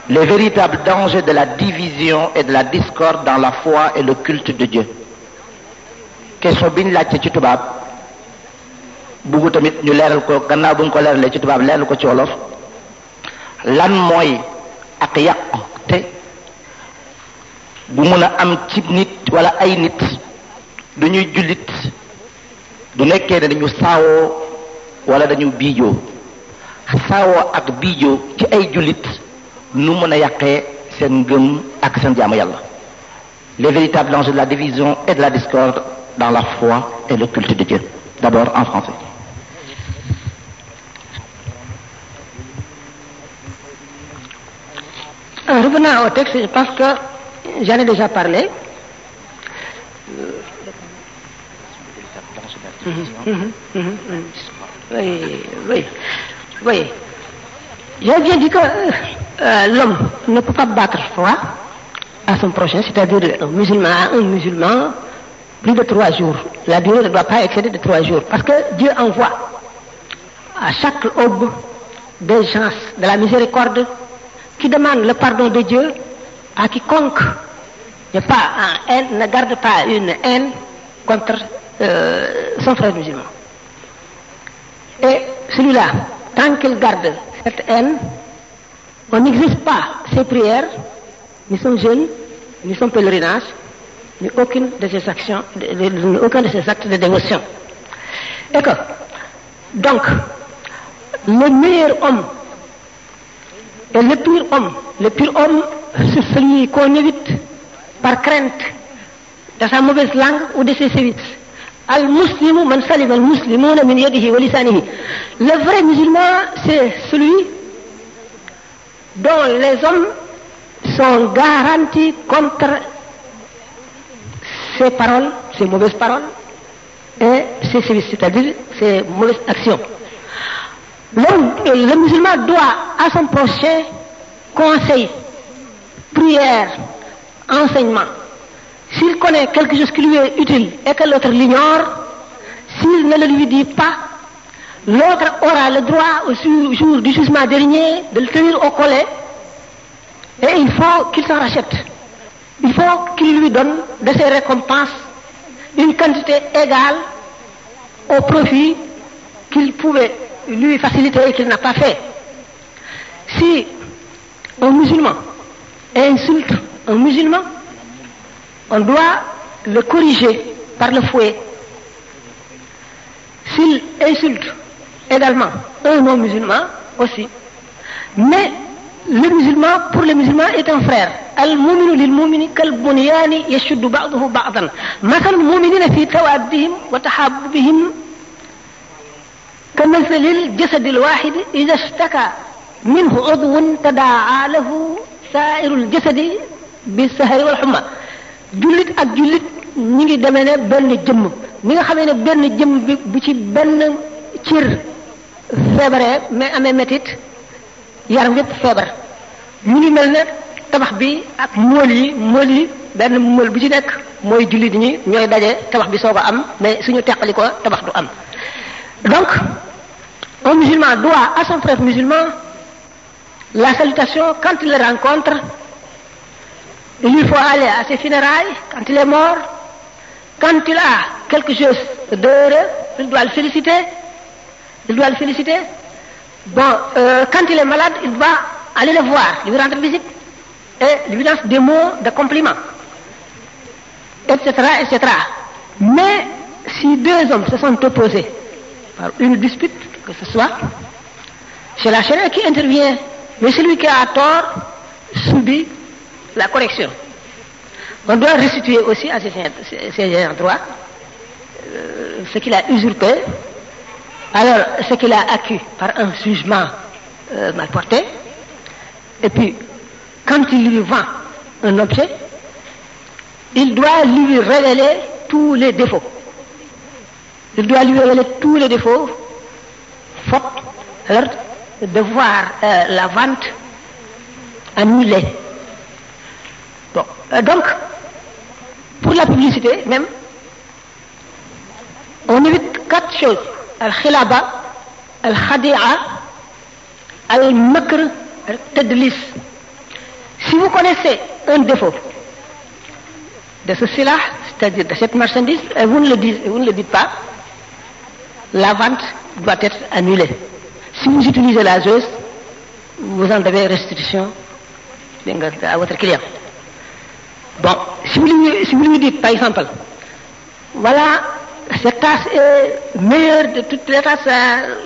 les véritables dangers de la division et de la discorde dans la foi et le culte de Dieu question bi ñu laajte ci tubaab. buggu tamit ñu leeral ko gannaaw bu ñu ko leeralee ci tubaab leeral ko ci wolof lan mooy ak yàq te bu mën a am ci nit wala ay nit du ñuy jullit du nekkee ne dañu saawoo wala dañu biijoo saawoo ak biijoo ci ay jullit nu mën a yàqee seen ngëm ak seen jaamu yàlla les véritables de la division et de la discorde dans la foi et le culte di Dieu d'abord en français Revenant au que j'en ai déjà parlé. Euh, J'ai dit que euh, euh, l'homme ne peut pas battre froid à son prochain, c'est-à-dire un musulman, plus de trois jours. La durée ne doit pas excéder de trois jours. Parce que Dieu envoie à chaque aube des gens de la miséricorde qui demande le pardon de Dieu à quiconque pas en haine, ne garde pas une haine contre euh, son frère musulman. Et celui-là, tant qu'il garde cette haine, on n'existe pas ses prières, ni son jeûne, ni son pèlerinage, ni aucune de ses actions, de, de, actes de dévotion. donc, le meilleur homme le pur homme c'est celui qu'on par crainte de sa mauvaise langue ou de ses sévices al muslimu man salima al muslimuna min yadihi wa le vrai musulman c'est celui dont les hommes sont garantis contre ses mauvaises paroles et ses sévices c'est-à-dire ses mauvaises actions l'homme, le musulman doit à son prochain conseil, prière, enseignement. S'il connaît quelque chose qui lui est utile et que l'autre l'ignore, s'il ne le lui dit pas, l'autre aura le droit jour du jugement dernier de le tenir au collet et il faut qu'il s'en rachète. Il faut qu'il lui donne de ses récompenses une quantité égale au profit qu'il pouvait lui faciliter et qu'il n'a pas fait. Si un musulman insulte un musulman, on doit le corriger par le fouet. S'il insulte également un non-musulman aussi. Mais le musulman, pour le musulman, est un frère. المؤمن للمؤمن كالبنيان يشد بعضه بعضا مثل المؤمنين في توادهم وتحابهم كمثل الجسد الواحد إذا اشتكى منه عضو تداعى له سائر الجسد بالسهر والحمى jullit ak jullit ñi ngi demee ne benn jëmm mi nga xamee ne benn jëmm bi bu ci benn cir feebaree mais amee métit yaram yépp feebar ñu ngi mel ne tabax bi ak mool yi mool yi benn mool bu ci nekk mooy jullit ñi ñooy daje tabax bi soo ko am mais suñu teqali tabax du am Donc, un musulman doit à son frère musulman la salutation quand il le rencontre. Il faut aller à ses funérailles quand il est mort. Quand il a quelque chose d'heureux, il doit le féliciter. Il doit le féliciter. Bon, euh, quand il est malade, il va aller le voir, lui rendre visite et lui lance des mots de etc. Mais si deux hommes se sont opposés, par une dispute, que ce soit, c'est la charia qui intervient, mais celui qui a tort subit la correction. On doit restituer aussi à ses, ses endroits euh, ce qu'il a usurpé, alors ce qu'il a acquis par un jugement euh, mal porté, et puis quand il lui vend un objet, il doit lui révéler tous les défauts il doit lui tous les défauts, fautes, de voir euh, la vente annulée. Euh, donc, pour la publicité même, on évite quatre choses. Al-khilaba, al-khadi'a, al-makr, al Si vous connaissez un défaut de ce silah, c'est-à-dire de cette marchandise, vous ne le dites, vous ne le dites pas, la vente doit être annulée. Si vous utilisez la joueuse, vous en devez à votre client. si vous, lui, dites, par exemple, voilà, cette tasse est meilleure de toutes les tasses,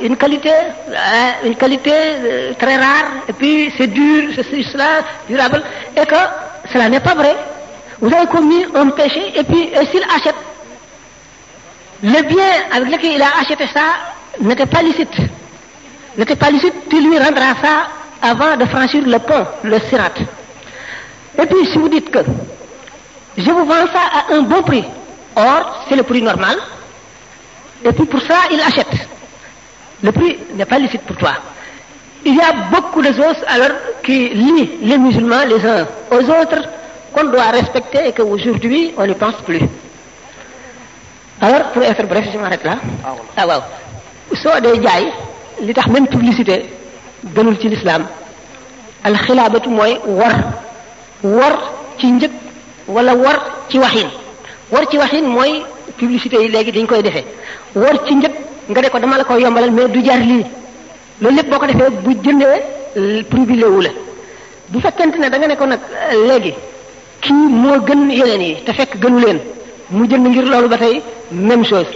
une qualité, une qualité euh, très rare, et puis c'est dur, cela, durable, et que cela n'est pas vrai. Vous avez commis un péché, et puis s'il achète le bien avec lequel il a acheté ça n'était pas licite, n'était pas licite, tu lui rendras ça avant de franchir le pont, le sirat. Et puis si vous dites que je vous vends ça à un bon prix, or c'est le prix normal, et puis pour ça il achète. Le prix n'est pas licite pour toi. Il y a beaucoup de choses alors qui lient les musulmans les uns aux autres qu'on doit respecter et qu'aujourd'hui on ne pense plus. alors pour être bref je m'arrête là ah, ah waaw soo dee jaay li tax même publicité gënul ci lislaam alxilaabatu mooy war war ci njëg wala war ci waxin war ci waxin mooy publicité yi léegi dañ koy defee war ci njëg nga ne ko dama la ko yombalal mais du jar lii loolu lépp boo ko defee bu jëndee privilé wu la bu fekkente ne da nga ne ko nag léegi kii moo gën yeneen yi te fekk gënu leen mu jënd ngir loolu ba tey même chose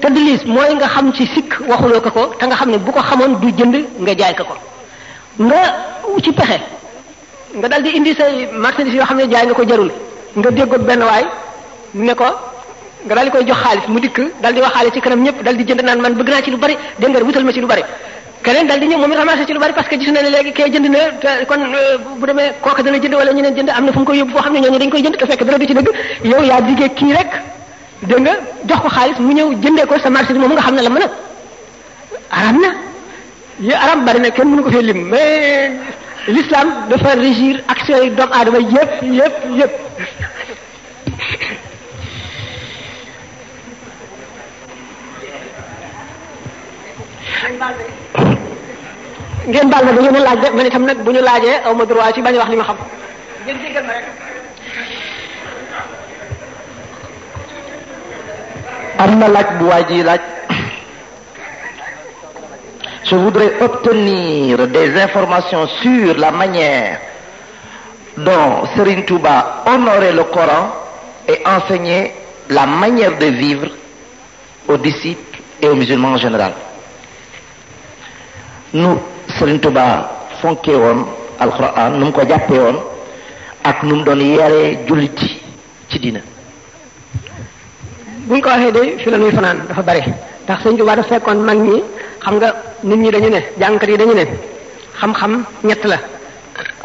tadlis mooy nga xam ci sikk waxuloo ko ko te nga xam ne bu ko xamoon du jënd nga jaay ko ko nga ci pexe nga dal di indi say marchandise yoo xam ne jaay nga ko jarul nga déggoo benn waay ne ko nga dal di koy jox xaalis mu dikk dal di wax xaalis ci kanam ñëpp dal di jënd naan man bëgg naa ci lu bari dégg nga wutal ma ci lu bari keneen dal di ñëw moom it ramassé ci lu bari parce que gis na ne léegi kay jënd na kon euh, bu demee kooka dana jënd wala ñeneen jënd am na fu mu koy yóbbu foo xam ne ñooñu dañ koy jënd te fekk dara du ci dëgg yow yaa diggee kii rek dégg nga jox ko xaalis mu ñëw jëndee ko sa marché bi moom nga xam ne la mën a aram na yi aram bari ne kenn mënu ko fee lim mais l'islam dafa régir action yi doomu aadama yépp yépp yépp ngeen baal ma dañu ma laaj de man itam aw ma droit ci bañ wax li ma xam. ngeen jéggal ma Je voudrais obtenir des informations sur la manière dont Serigne Touba le Coran et enseignait la manière de vivre aux disciples et aux musulmans en Nous sëriñ Tuba fonkee woon alquran nu mu ko jàppee woon ak nu mu doon yaree jullit ci dina buñ ko waxee de fi la nuy fanaan dafa bari ndax sëriñ Tuba dafa fekkoon mag ñi xam nga nit ñi dañu ne jàngkat yi dañu ne xam-xam ñett la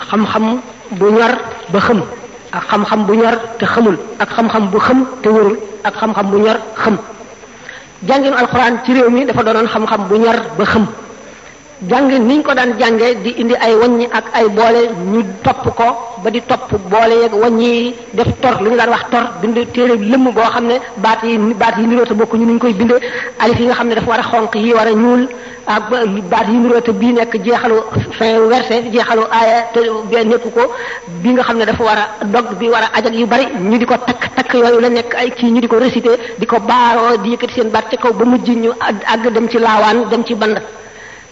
xam-xam bu ñor ba xëm ak xam-xam bu ñor te xamul ak xam-xam bu xëm te wërul ak xam-xam bu ñor xëm jànginu alquran ci réew mi dafa doonoon xam-xam bu ñor ba xëm jànge niñ ko daan jànge di indi ay waññi ak ay boole ñu topp ko ba di topp boole wañ waññi def tor lu ñu daan wax tor bind téere lëmm boo xam ne baat yi baat yi niroote bokku ñu niñ koy bindee alif yi nga xam ne dafa war a xonq yi war a ñuul ak baat yi niroote bii nekk jeexalu fin verset jeexalu aaya te bee nekku ko bi nga xam ne dafa war a dog bi war a ajak yu bari ñu di ko takk takk yooyu la nekk ay kii ñu di ko récité di ko baaroo di yëkkati seen baat ca kaw ba mujj ñu àgg dem ci laawaan dem ci band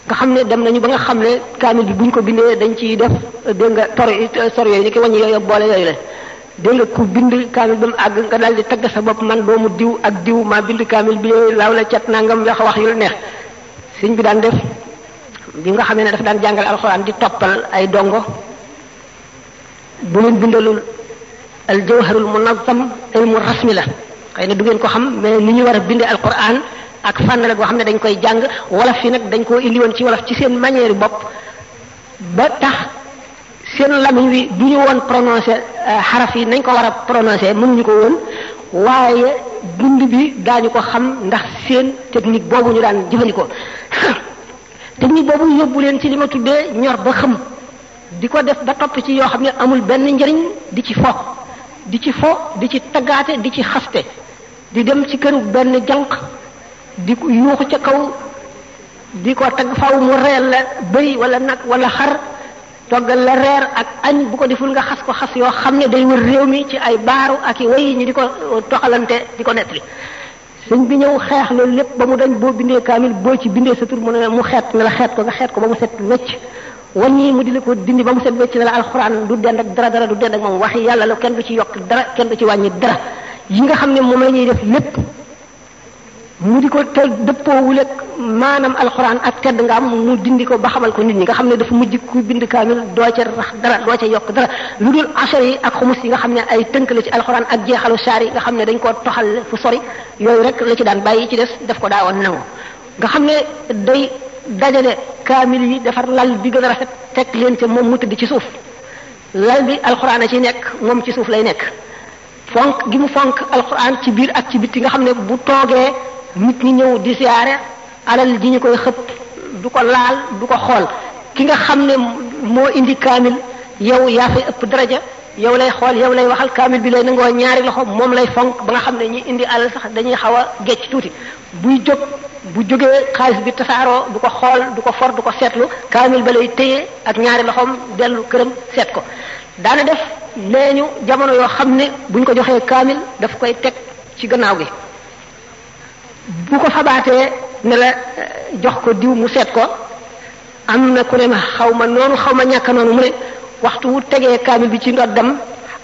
nga xam ne dem nañu ba nga xam ne kaamil bi buñ ko bindee dañ ciy def dégg nga tor sor yooyu ni ki wàññi yooyu boole yooyu la dégg nga ku bind kaamil ba mu àgg nga daal di tagg sa bopp man doomu diw ak diw maa bind kaamil bi laaw na cat nangam wax wax yu lu neex sëñ bi daan def bi nga xamee ne dafa daan jàngale alxuraan di toppal ay dongo bu leen bindalul al jawharul munazzam ilmu rasmi la xay na du ngeen ko xam mais ni ñu war a bindee alxuraan ak fànn la goo xam ne dañ koy jàng wolof yi nag dañ koo indiwoon ci wolof ci seen manière bopp ba tax seen lamiñ wi du ñu woon prononcé euh, xaraf yi nañ ko war a prononcé mënuñu ko woon waaye bind bi daañu ko xam ndax seen technique boobu ñu daan jëfandikoo technique boobu yóbbu leen ci lima tuddee ñor ba xam di ko def ba topp ci yoo xam ne amul benn njëriñ di ci fo di ci fo di ci taggaate di ci xaste di dem ci këru benn jànq di ko yuuxu ca kaw di ko tagg faw mu reel la bëy wala nag wala xar toggal la reer ak añ bu ko deful nga xas ko xas yoo xam ne day wër réew mi ci ay baaru ak i way ñi di ko uh, toxalante di ko nettali sëñ bi ñëw xeex loolu lépp ba mu dañ boo bindee kaamil boo ci bindee sa tur mu ne mu xeet na la xeet ko nga xeet ko ba mu set wecc waññi mu di la ko dindi ba mu set wecc na la alxuraan du dend ak dara dara du dend ak moom wax yàlla la kenn du ci yokk dara kenn ci wàññi dara yi nga xam ne moom la ñuy def lépp mu di ko te dëppoowul ak maanaam alxuraan ak tedd nga am mu dindi ko ba xamal ko nit ñi nga xam ne dafa mujj ku bind kaamil doo ca rax dara doo ca yokk dara lu dul asar yi ak xumus yi nga xam ne ay tënk la ci alxuraan ak jeexalu saar yi nga xam ne dañ koo toxal fu sori yooyu rek la ci daan bàyyi ci des daf ko daawoon nangu nga xam ne day dajale kaamil yi defar lal bi gën a rafet teg leen ci moom mu tëdd ci suuf lal bi alxuraan a ci nekk moom ci suuf lay nekk fonk gi mu fonk alxuraan ci biir ak ci bitti nga xam ne bu toogee nit ñi ñëw di siyaare alal ji ñu koy xëpp du ko laal du ko xool ki nga xam ne moo indi kaamil yow yaa fay ëpp daraja yow lay xool yow lay waxal kaamil bi lay nangoo ñaari loxo moom lay fonk ba nga xam ne ñi indi alal sax dañuy xaw a gecc tuuti buy jóg bu jógee xaalis bi tasaaroo du ko xool du ko for du ko seetlu kaamil ba lay téye ak ñaari loxoom dellu këram seet ko daana def nee ñu jamono yoo xam ne buñ ko joxee kaamil daf koy teg ci gannaaw gi bu ko fabaatee ne eh, jox ko diw mu seet ko am na ku ne ma xaw ma noonu xaw ma ñàkk noonu mu ne waxtu wu tegee kaamil bi ci dem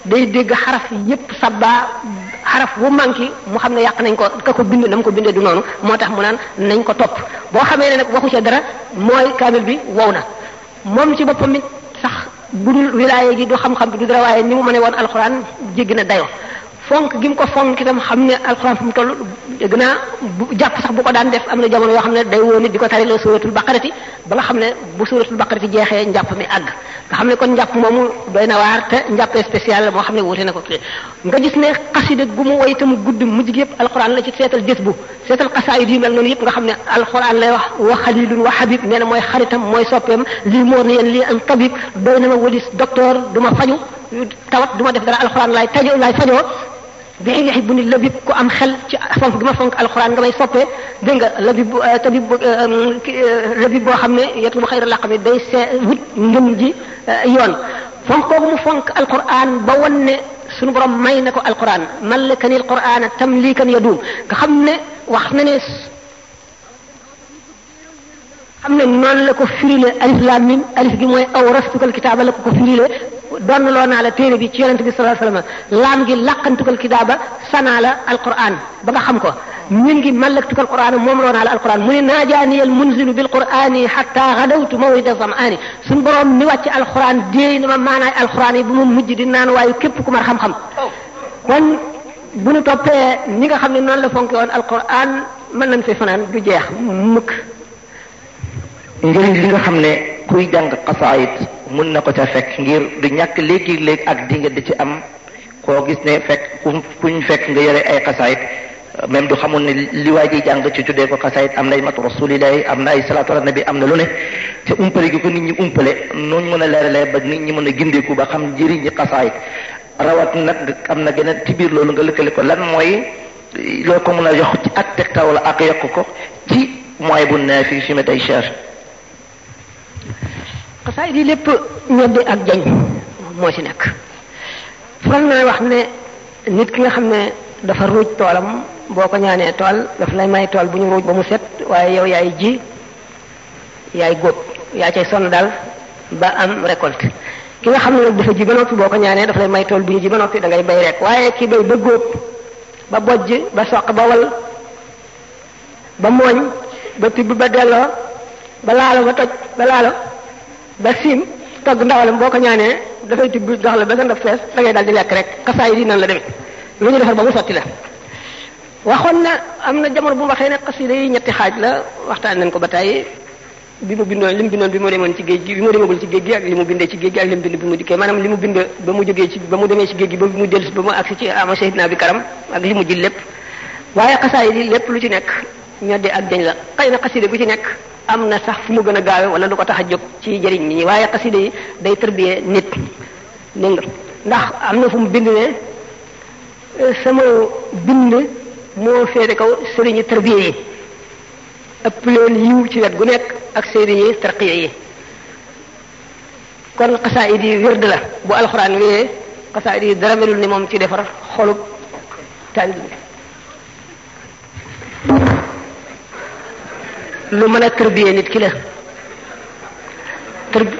day dégg xaraf yépp sabba xaraf wu manqué mu xam ne yàq nañ ko ka ko bind na mu ko bindee du noonu moo tax mu naan nañ ko topp boo xamee ne nag waxu ca dara mooy kaamil bi wow na moom ci boppam it sax budul wilaya gi du xam-xam bi du dara waaye ni mu mënee woon alxuraan jéggi na dayo fonk gi mu ko fonk itam xam ne alxuraan fu mu toll dégg naa bu jàpp sax bu ko daan def am na jamono yoo xam ne day woo nit di ko tari la ba baqarati ba nga xam ne bu suratul baqarati jeexee njàpp mi àgg nga xam ne kon njàpp moomu doy na waar te njàpp la moo xam ne wuute na ko nga gis ne xasida gu mu woy gudd mujj gi yëpp alxuraan la ci seetal des bu seetal xasaayid yu mel noonu yëpp nga xam ne alxuraan lay wax wa xalilun wa habib nee mooy xaritam mooy soppeem lii moo ne yéen lii am tabib doy na ma walis docteur du ma faju tawat du ma def dara alxuraan laay tajoo laay fajoo bi ay yaxi bu ni labib ku am xel ci fonk gi ma fonk alxuraan nga may soppee dégg nga labib euh, tabib euh, euh, labib boo xam ne yetlu bu xayra laq bi day see wut ngëm ji yoon fonk mu fonk alxuraan ba won sunu suñu borom may na ko alxuraan malakani alxuraan tamlikan yadum nga xam ne xam ne noonu la ko firile alif laam mim alif gi mooy aw rastukal kitaaba la ko ko firile doon loo naa la téere bi ci yonente bi sallallahu alayhi wasallam laam gi làqantukal kitaaba sanaa la alquran ba nga xam ko min gi mallaktukal quran moom loo naa la alquran mu ne naajaaniyal munzilu bil qurani xatta xadawtu mawida zam'aani suñ boroom ni wàcc alquran déey na ma maanaay alquran yi bu mu mujj di naan waayu képp ku mar xam-xam kon bu nu toppee ni nga xam ne noonu la fonke woon alquran mën nañ fi fanaan du jeex mukk njëriñ li nga xam ne kuy jàng xasaayit mën na ko ca fekk ngir du ñàkk léegi-léeg ak dinga di ci am koo gis ne fekk kuñ fekk nga yore ay xasaayit même du xamoon ne li waa ji jàng ci tuddee ko xasaayit am na ay matu rasulillahi am na ay salaatu ala nabi am na lu ne te umpale ko nit ñi umpale nooñu mën a leeralee ba nit ñi mën a gindeeku ba xam njëriñ ñi xasaayit rawat nag am na geneen ci biir loolu nga lëkkale ko lan mooy loo ko mën a yox ci ak tegta wala ak yokk ko ci mooy bu neefi fi ma tey cher xasaay di lépp ñoddi ak jañ moo ci nekk faral naa wax ne nit ki nga xam ne dafa ruuj toolam boo ko ñaanee tool daf lay may tool bu ñu ruuj ba mu set waaye yow yaay ji yaay góob yaa cay sonn daal ba am récolte ki nga xam ne nag dafa ji ba noppi boo ko ñaanee daf lay may tool bu ñu ji ba noppi da bay rek waaye ki bay ba góob ba bojj ba soq ba wal ba mooñ ba tibb ba delloo ba laalo ba toj ba laalo ba siim togg ndawalam boo ko ñaanee dafay tibb jox la ba nga ndab fees da ngay daal di lekk rek xasaay yi nan la demee lu ñu defar ba mu sotti la waxoon na am na jamono bu mu waxee ne xasida yi ñetti xaaj la waxtaan nañ ko ba tàyyi bi mu bindoon li mu bindoon bi mu demoon ci géej gi bi ci géej gi ak li mu géej gi ak li mu bind bi mu dikkee maanaam li mu bind ba mu jógee ci ba mu demee ci géej gi ba mu dellusi ba mu agsi ci ama shahidna bi karam ak li mu ji lépp waaye xasaay yi lépp lu ci nekk ñoddi ak dañ la xëy na xasida gu ci nekk am na sax fu mu gën a gaawe wala lu ko tax a jóg ci jëriñ bi ñi waaye xasida yi day tërbiyee nit dégg ndax am na fu mu bind ne eh, sama bind moo féete kaw sëriñu tërbiye yi ëpp leen yiw ci wet gu nekk ak sëriñu tarqiye yi kon xasaayid yi wérd la bu alxuraan wéyee xasaayid yi dara melul ni moom ci defar xolub tàngi lu mën a tërbiyee nit ki la tërbi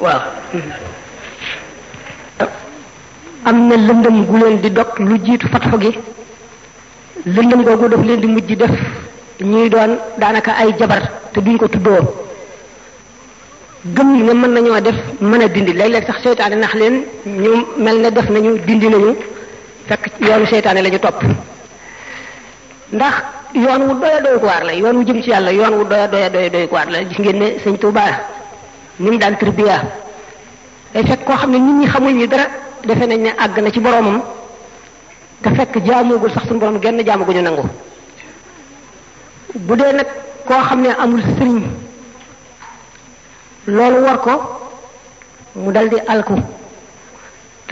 waaw am na lëndëm gu leen di dog lu jiitu fatxu gi lëndëm googu daf leen di mujj def ñuy doon daanaka ay jabar te duñ ko tuddoo gëm ne mën nañoo def mën a dindi léeg-léeg sax seytaane nax leen ñu mel ne def nañu dindi nañu fekk yoonu seytaane lañu topp ndax yoon wu doya doy ko waar la yoon wu jëm ci yàlla yoon wu doya doya doy doy ko waar la gis ngeen ne sëñ Touba ni daan tarbiya day fekk koo xam ne nit ñi xamul ñi dara defe nañ ne àgg na ci boromam te fekk jaamugul sax suñu genn jaamu gu ñu nangu bu dee nag koo xam ne amul sëriñ loolu war ko mu dal alku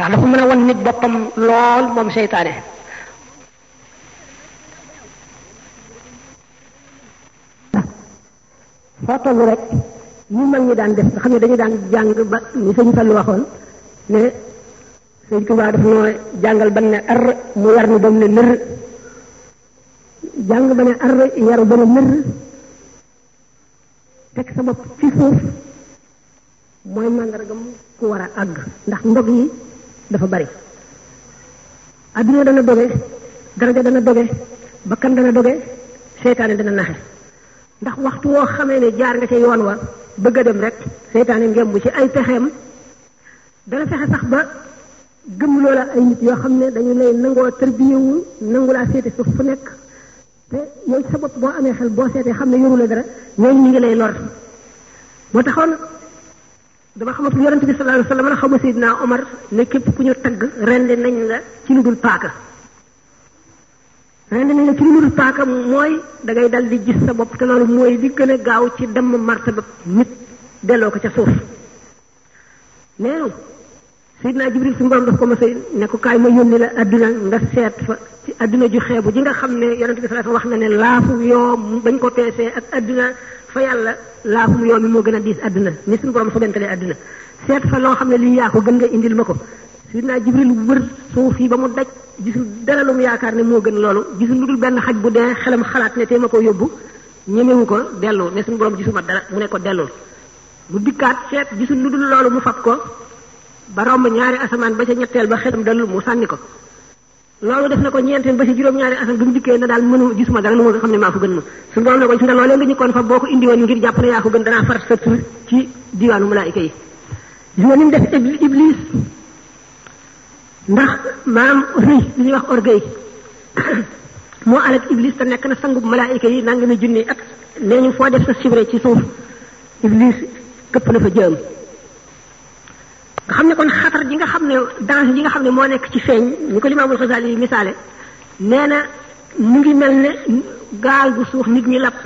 ndax dafa mën a wan nit boppam lool moom seytaane foo toll rek ñu mag ñi daan def nga xam ne dañu daan jàng ba ni sëñ Fallu waxoon ne sëñ Tuubaa daf noo jàngal ba ne ar mu yar ni ba mu ne nër jàng ba ne ar yaru ba ne nër teg sa bopp ci mooy màndargam ku war a àgg ndax ndog yi dafa bari adduna dana doge daraja dana doge bakkan dana doge seytaane dana naxe ndax waxtu woo xamee ne jaar nga ca yoon wa bëgg a dem rek seytaane ngemb ci ay pexem dana fexe sax ba gëm loola ay nit yoo xam ne dañu lay nangoo tërbiyewu nangu laa seete suuf fu nekk te yow sa bopp boo amee xel boo seetee xam ne yoru la dara ñooñu ñu ngi lay lor moo taxoon dama xamatul yonente bi sallallahu alayhi wasallam xaw ma Seydina Omar ne képp ku ñu tagg rende nañ la ci lu dul paaka rend nañ la ci lu dul paaka mooy dangay ngay dal di gis sa bopp te loolu mooy li gën a gaaw ci demm martaba nit delloo ko ca suuf neenu Seydina Jibril suñu borom daf ko mos a ne ko kaay ma yónni la adduna nga seet fa ci adduna ju xeebu ji nga xam ne yonent bi sallallahu alayhi wasallam wax na ne laafu yoo bañ ko peesee ak adduna fa yàlla laafum yoo mi moo gën a diis adduna ni suñu borom sobantalee adduna seet fa loo xam ne lii yaa ko gën nga indil ma ko sidna jibril wër suuf yi ba mu daj gisul dara lu yaakaar ne moo gën loolu gisul lu dul benn xaj bu dee xelam xalaat ne tey ma ko yóbbu ñemewu ko delloo ne suñu borom gisuma dara mu ne ko dellul mu dikkaat seet gisul lu dul loolu mu fab ko ba romb ñaari asamaan ba ca ñetteel ba xelam dellul mu sànni ko loolu def na ko ñeenteel ba ci juróom-ñaari asamaan bi mu dikkee ne daal mënu gisuma dara nu ma nga xam ne maa ko gën ma suñu borom ne ko sunda loolee nga ñëkkoon fa boo ko indi woon ngir jàpp ne yaa ko gën danaa far sa tur ci diwaanu malaayika yi gis nga ni mu def iblis ndax maam rëy li ñuy wax orgueil moo alak iblis te nekk na sangub malaayika yi nanga mi junni ak nee ñu foo def sa sibre ci suuf iblis këpp na fa jëm nga xam ne kon xatar ji nga xam ne danger ji nga xam ne moo nekk ci feeñ ñu ko limaamul xasaali yi misaale nee na mu ngi mel ne gaal gu suuf nit ñi lapp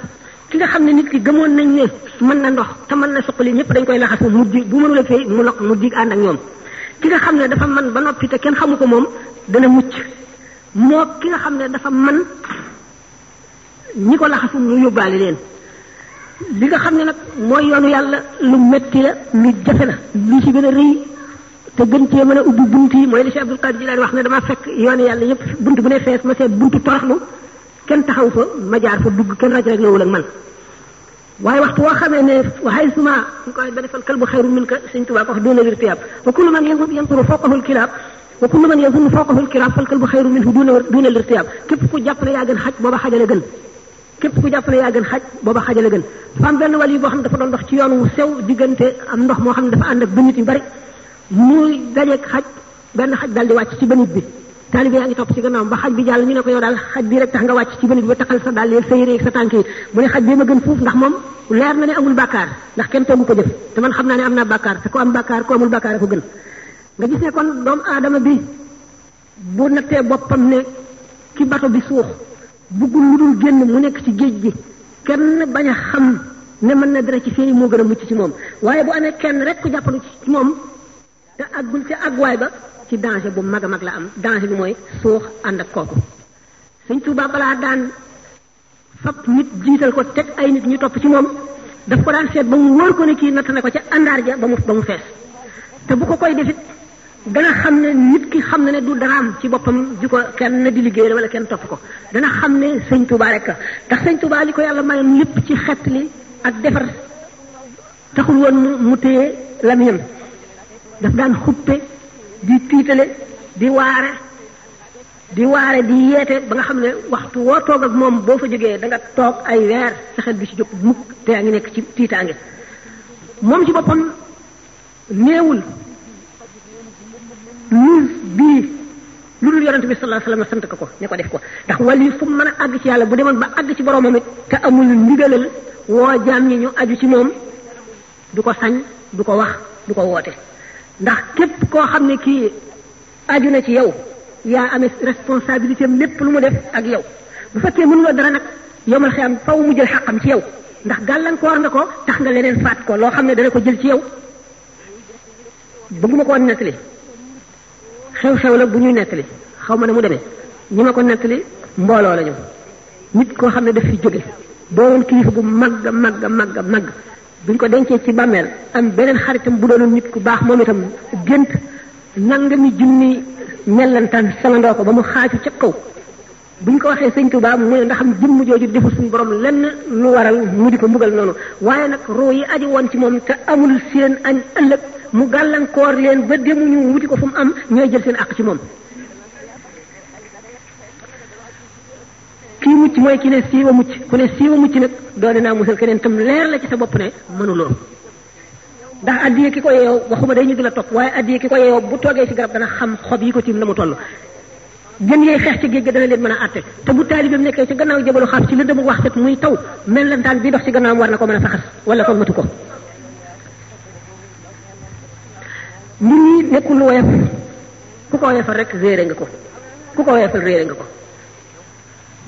ki nga xam ne nit ki gëmoon nañ ne mën na ndox te mën na suqali ñëpp dañ koy laxas mu mujj bu mënula fay mu loq mu dig ànd ak ñoom ki nga xam ne dafa man ba noppi te kenn xamu ko moom dana mucc moo ki nga xam ne dafa man ñi ko laxasu mu yóbbaale leen li nga xam ne nag mooy yoonu yàlla lu metti la lu jafe la lu ci gën a rëy te gën cee mën a ubbi bunt yi mooy li si Abdul Qadir Jilaani wax ne dama fekk yoonu yàlla yépp bunt bu ne fees ma seet buntu toroxlu kenn taxaw fa ma jaar fa dugg kenn raj rek lawul ak man waaye waxtu woo xamee ne waxay suma ñu koy ba defal xayru min ka Sëriñ Tuubaa wax duuna wir tiyaab wa kullu man yanzuru fawqahu lkilaab wa kullu man yazunnu fawqahu lkiraab fal kalbu xayru minhu duuna duuna lirtiyaab képp ku jàpp ne yaa gën xaj booba xajale gën képp ku jàpp ne yaa gën xaj booba xajale gën fa am benn wali boo xam ne dafa doon dox ci yoon wu sew diggante am ndox moo xam ne dafa ànd ak bënit yu bari muy dajeeg xaj benn xaj daal di wàcc ci bënit bi taalibe yaa ngi topp ci gannaawam ba xaj bi jàll ñu ne ko yow daal xaj bi rek tax nga wàcc ci bënit ba taxal sa dàll yeeg sa yére yeeg sa tànk yi mu ne xaj bi ma gën fuuf ndax moom leer na ne amul bàkkaar ndax kenn toogu ko jëf te man xam naa ne am naa bàkkaar te ko am bàkkaar ko amul a ko gën nga gis ne kon doomu aadama bi bu nattee bi suux buggul lu génn mu nekk ci géej gi kenn bañ a xam ne mën na dara ci fii moo gën a mucc ci moom waaye bu amee kenn rek ku jàppandu ci moom te àggul ca àgguwaay ba ci danger bu mag a mag la am danger bi mooy suux ànd ak kooku suñ tuubaa balaa daan fab nit jiital ko teg ay nit ñu topp ci moom daf ko daan seet ba mu wóor ko ne kii natt na ko ci àndaar ja ba mu ba mu fees te bu ko koy defit dana xam ne nit ki xam na ne du daraam ci boppam ji ko kenn di liggéey wala kenn topp ko dana xam ne sëñ Touba rek ndax sëñ Touba li ko yàlla mayoon lépp ci xet li ak defar taxul woon mu téye lamiñam daf daan xuppe di tiitale di waare di waare di yeete ba nga xam ne waxtu woo toog moom boo fa jógee danga toog ay weer sa xel bi ci jóg mukk te yaa nekk ci tiitaange moom ci boppam néewul lul bii lu dul yonente bi sallallahu sant ko ko ne ko def ko ndax wàllu fu mu mën a ci yàlla bu demoon ba àgg ci boromam it te amul ndigalal woo jaam ñi ñu aju ci moom du ko sañ du ko wax du ko woote ndax képp koo xam ne kii aju na ci yow yaa amee responsabilité am lépp lu ma def ak yow bu fekkee mënuloo dara nag ma xiyam faw mu jël xaqam ci yow ndax gàllankoor nga ko tax nga leneen faat ko loo xam ne dana ko jël ci yow bëgguma koo nettali xew-xew la bu ñuy nettali xaw ma ne mu demee ñi ma ko nettali mbooloo la ñu nit koo xam ne daf fi jóge doo woon kilifa bu mag a mag a mag buñ ko dencee ci bàmmeel am beneen xaritam bu doonoon nit ku baax moom itam gént nangami junni mellantaan salandoo ko ba mu xaaju ca kaw buñ ko waxee sëñ baa mu ne ndax am jëmm jooju defu suñu borom lenn lu waral mu di ko mbugal noonu waaye nag roo yi aji woon ci moom te amul seen añ ëllëg mu gàllankoor leen ba demuñu wuti ko fu mu am ñooy jël seen àq ci moom kii mucc mooy ki ne siiwa mucc ku ne siiwa mucc nag doole naa musal keneen tam leer la ci sa bopp ne mënuloo ndax addiye ki ko yeewoo waxuma day ñu di la topp waaye addiye ki ko yeewoo bu toogee ci garab dana xam xob yi ko tiim la mu toll gën yee xeex ci géej gi dana leen mën a àtte te bu taalibam nekkee ci gannaaw jabalu xam ci lëndëmu wax set muy taw mel lantaan bi dox ci gannaawam war na ko mën a faxas wala kon matu ko mbir yi nekkul lu woyof ku rek réere nga ko ku ko woyofal réere nga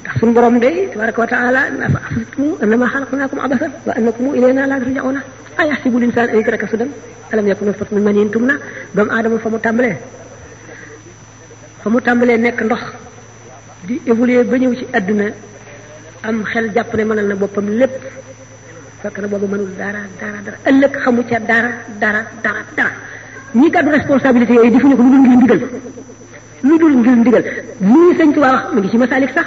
ndax suñu borom day tabaraka wa taala afasitum annama xalaqnakum abasan wa annakum ilayna la turja'una ayahsibu l'insanu an yutraka sudan alam yakun nutfatun min maniyyin yumna doomu nekk ndox di évoluer ba ñëw ci àdduna am xel jàpp ne mënal na boppam lépp fekk na boobu mënul dara dara dara ëllëg xamu ca dara dara dara dara ñi gàddu responsabilité yooyu defuñu ko lu dul ngir ndigal lu dul ngir ndigal lii sëñ Tuubaa wax mu ngi ci masalik sax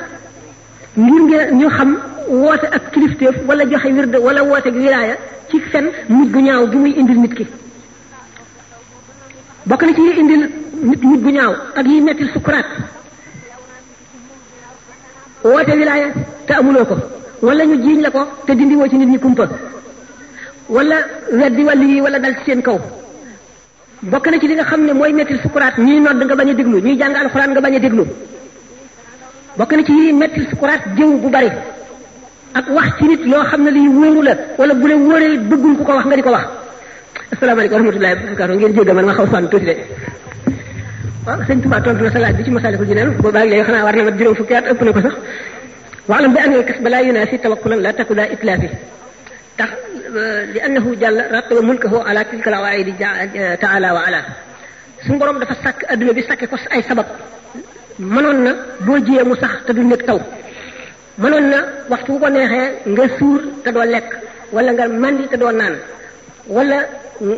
ngir ngeen ñu xam woote ak kilifteef wala joxe wirde wala woote ak wilaaya ci fen mujj gu ñaaw gi muy indil nit ki bokk na ci yi indil nit ak yi mettil sukuraat woote te amuloo ko wala ñu jiiñ la ko te dindi woo ci nit ñi kumpa wala weddi wàllu wala dal ci seen kaw bokk na li nga xam ne mooy mettil sukuraat ñuy nodd nga bañ a déglu ñuy jàng alxuraan nga bañ a déglu bokk na ci yi metti sukuraat jëw bu bari ak wax ci nit loo xam ne lii wóoru la wala bu la wóoree bëggul ku ko wax nga di ko wax asalaamaaleykum wa rahmatullahi wa barakatuh ngeen man ma xaw sonn tuuti de waaw sëñ Tuubaa tontu na sa laaj bi ci masaalikul jinaan boobaa léegi war na mat juróom fukki at ëpp na ko sax waalam bi annal laa yunaasi daa itlaafi tax li annahu jàlla rattaba mulkahu ala tilka lawaidi taala wa ala suñu borom dafa sàkk adduna bi sàkke ko ay sabab mënoon na boo jiyee mu sax te du nekk taw mënoon na waxtu bu ko neexee nga suur te doo lekk walla nga mandi te doo naan wala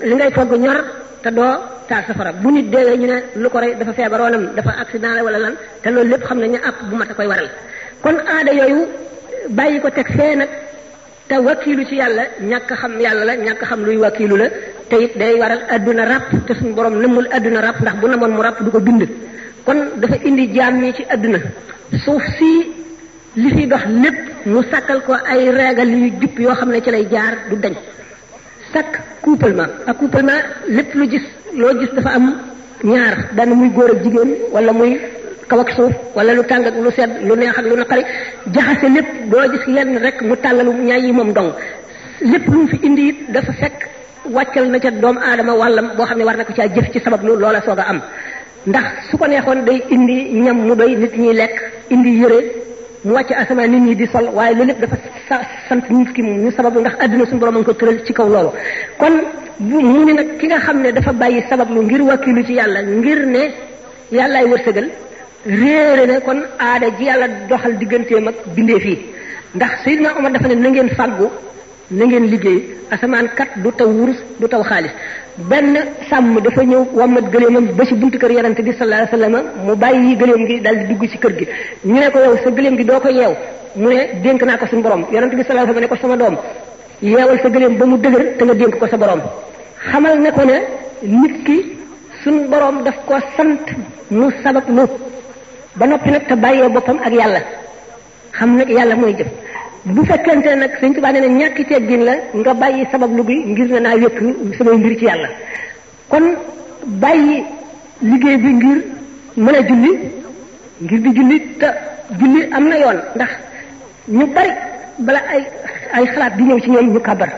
li ngay togg ñor te doo taal safara bu nit dee ñu ne lu ko rey dafa feebaroonam dafa accident la wala lan te loolu lépp xam nañ ne àpp bu mat te koy waral kon aada yooyu bàyyi ko teg fee nag te wakiilu ci yàlla ñàkk xam yàlla la ñàkk xam luy wakiilu la te it day waral adduna ràpp te suñu borom nëmmul àdduna ràpp ndax bu namoon mu ràpp du ko bind kon dafa indi jaam ñi ci àdduna suuf si li fi dox lépp mu sàkkal ko ay reegal yu jub yoo xam ne ci lay jaar du deñ sàkk couplement ak couplement lépp lu gis loo gis dafa am ñaar dana muy góor a jigéen wala muy kaw suuf wala lu tàng lu sedd lu neex ak lu naqari jaxase lépp doo gis lenn rek mu tàllalu ñaay yi moom dong lépp lu mu fi indi it dafa fekk wàccal na ca doomu aadama wàllam boo xam ne war na ko caa jëf ci sabab lu loola soog am ndax su ko neexoon day indi ñam mu doy nit ñi lekk indi yére mu wàcc asamaan nit ñi di sol waaye loolu dafa sant nit ki mu ñu sabablu ndax àdduna suñu borom a ko tëral ci kaw loolu kon bu mu ni nag ki nga xam ne dafa bàyyi sabablu ngir wakkilu ci yàlla ngir ne yàllaay wërsëgal réere ne kon aada ji yàlla doxal digganteem ak bindeef fii ndax Seydina Omar dafa ne na ngeen fàggu na ngeen liggéey asamaan kat du taw wurus du taw xaalis benn sàmm dafa ñëw wàmmat gëléemam ba ci buntu kër yonent bi sallallahu alayhi wasallam mu bàyyi gëléem gi daal di dugg ci kër gi ñu ne ko yow sa gëléem gi doo ko yeew mu ne dénk naa ko suñu borom yonent bi sallallahu alayhi wasallam ne ko sama doom yeewal sa gëléem ba mu dëgër te nga dénk ko sa borom xamal ne ko ne nit ki suñu boroom daf ko sant mu sabab lu ba noppi nag te bàyyee boppam ak yàlla xam nag yàlla mooy jëf bu fekkente ne nag Sëriñ Tuubaa nee na ñàkki teggin la nga bàyyi sabab lu bi ngir ne naa wékk samay mbir ci yàlla kon bàyyi liggéey bi ngir mën a julli ngir di julli te julli am na yoon ndax ñu bari bala ay ay xalaat di ñëw ci ñoom ñu kàbbar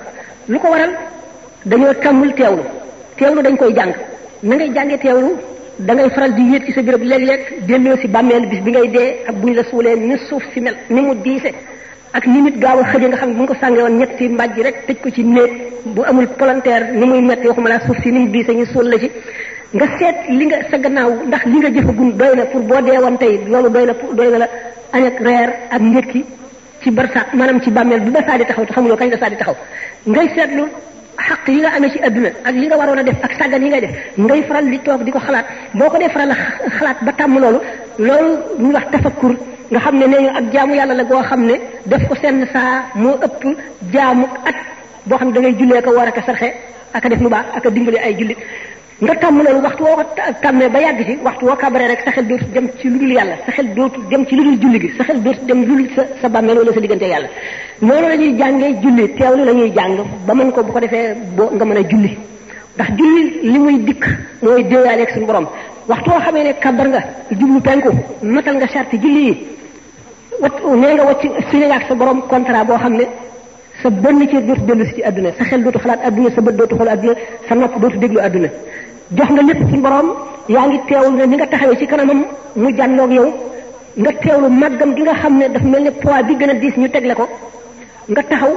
lu ko waral dañoo tàmmul teewlu teewlu dañ koy jàng na ngay jànge teewlu da faral di yéet ci sa béréb léeg-léeg delloo si bàmmeel bis bi ngay dee ak buñ la suulee ni suuf si mel ni mu diise ak ni nit gaaw a xëje nga xam ne bu ñu ko sàngee woon ñett ci mbàjj rek tëj ko ci néeg bu amul palanteer ni muy metti waxuma laa suuf si ni mu diise ñu suul ci nga seet li nga sa gannaaw ndax li nga jëfagun doy na pour boo deewoon tey loolu doy na doy na la añ ak reer ak ndékki ci barsaq maanaam ci bàmmeel bi ba saa di taxaw te xamuloo kañ la saa di taxaw ngay seetlu xaq yi nga amee ci adduna ak li nga waroon a def ak sàggan yi ngay def ngay faral di toog di ko xalaat boo ko dee faral xalaat ba tàmm loolu loolu ñu wax tafakkur nga xam ne nee ñu ak jaamu yàlla la goo xam ne def ko seen saa moo ëpp jaamu at boo xam ne da ngay jullee ko war ak a sarxe ak a def lu baax ak a dimbali ay jullit nga tàmm loolu waxtu woo ko tàmmee ba yàgg ci waxtu woo kabaree rek sa xel dootu dem ci lu dul yàlla sa xel dootu lu dul julli sa xel dootu dem sa sa bàmmeel wala sa diggante yàlla noonu la ñuy jàngee julli teewlu la ñuy jàng ba mën ko bu ko defee boo nga mën a julli ndax julli li muy dikk mooy déeyaaleeg suñu borom waxtu woo xamee ne kabar nga jublu penku matal nga charte julli yi wat nee nga wacc signé ak sa borom contrat boo xam ne sa benn cër dootu dellu si ci àdduna sa xel dootu xalaat àdduna sa bët dootu xool àdduna sa nopp dootu déglu àdduna jox nga lépp suñu borom yaa ngi teewul ne ni nga taxawee ci kanamam mu jànnoog yow nga teewlu màggam gi nga xam ne daf mel ne poids bi gën a diis ñu tegle ko nga taxaw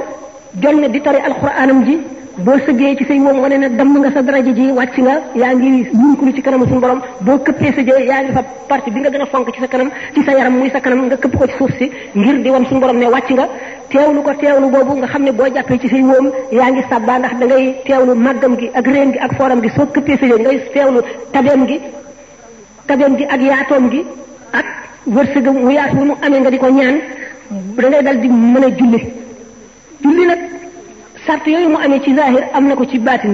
jonne di tari alxuraanam ji boo sëggee ci say moom wane ne damm nga sa daraja ji wàcc nga yaa ngi lunkulu ci kanamu suñu borom boo këppee sa jë yaa ngi fa partie bi nga gën a fonk ci sa kanam ci sa yaram muy sa kanam nga këpp ko ci suuf si ngir di wan suñu borom ne wàcc nga teewlu ko lu boobu nga xam ne boo jàppee ci say wóom yaa ngi sàbba ndax da ngay teewlu màggam gi ak réem gi ak fooram gi soo këppee sa jë ngay teewlu tabeem gi tabeem gi ak yaatoom gi ak wërsëg mu yaatu mu amee nga di ko ñaan da ngay dal mën a julli sart yooyu mu amee ci zahir am na ko ci baatin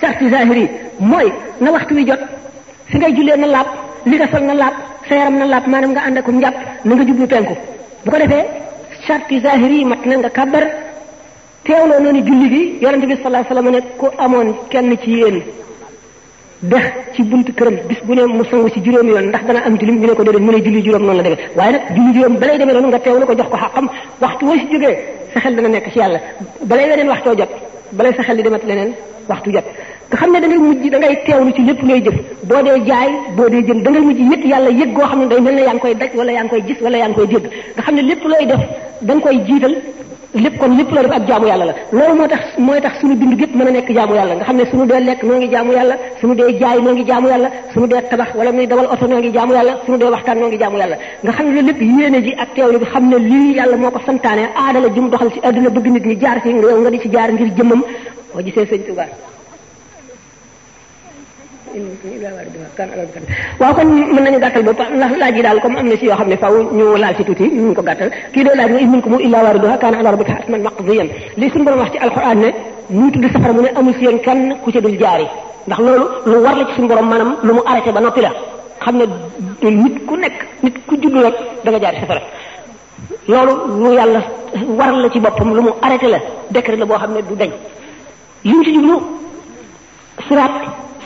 sarti zahir yi mooy na waxtu wi jot fi ngay jullee na laab li nga sol na laab sa yaram na laab maanaam nga ànd akum njàpp na nga jublu penku bu ko defee sarti zahir yi mat na nga kàbbar teewloo noonu julli gi yonente bi sallallahu alayhi wasallam ne ku amoon kenn ci yéen dex ci ci juróomi yoon ndax dana am julli ñu ne ko déedéet mu ne julli juróom noonu la demee waaye nag julli juróom balay demee noonu nga teewlu ko jox ko xaqam waxtu woo si jógee sa xel dana nekk ci yàlla balay weneen waxtoo jot balay sa xel di demat leneen waxtu jot nga xam ne da ngay mujj da ngay teewlu ci lépp looy jëf boo dee jaay boo dee jënd da ngay mujj yëg yàlla yëg goo xam ne day mel ne yaa ngi koy daj wala yaa ngi koy gis wala yaa ngi koy dégg nga xam ne lépp looy def da koy jiital lépp kon lépp la def ak jaamu yàlla la loolu moo tax mooy tax suñu dund gépp mën a nekk jaamu yàlla nga xam ne suñu dee lekk noo ngi jaamu yàlla suñu dee jaay noo ngi dee tabax wala muy dawal oto noo ngi jaamu yàlla suñu dee waxtaan noo ngi jaamu yàlla nga xam ne loolu lépp yéene ji ak teewlu bi xam ne lii yàlla moo ko santaane aada la jum doxal ci àdduna bëgg nit ñi jaar ci yow nga di ci jaar ngir jëmmam boo gisee sëñ Tuubaa in kuntum illaa waariduhaa kaana alaa waaw kon mën nañu gàttal bopp ndax laaj yi daal comme am na si yoo xam ne faaw ñu laal si tuuti ñu ko gàttal kii dee laaj ne in minkum illaa waariduhaa kaana mu ne ku ca dul jaari ndax war la ci suñu borom maanaam lu mu arrêté ba noppi la xam ne nit ku nekk nit ku juddu rek da nga jaari safara loolu lu yàlla waral la ci boppam lu mu arrêté la décret la boo xam ne du dañ li mu jublu siraat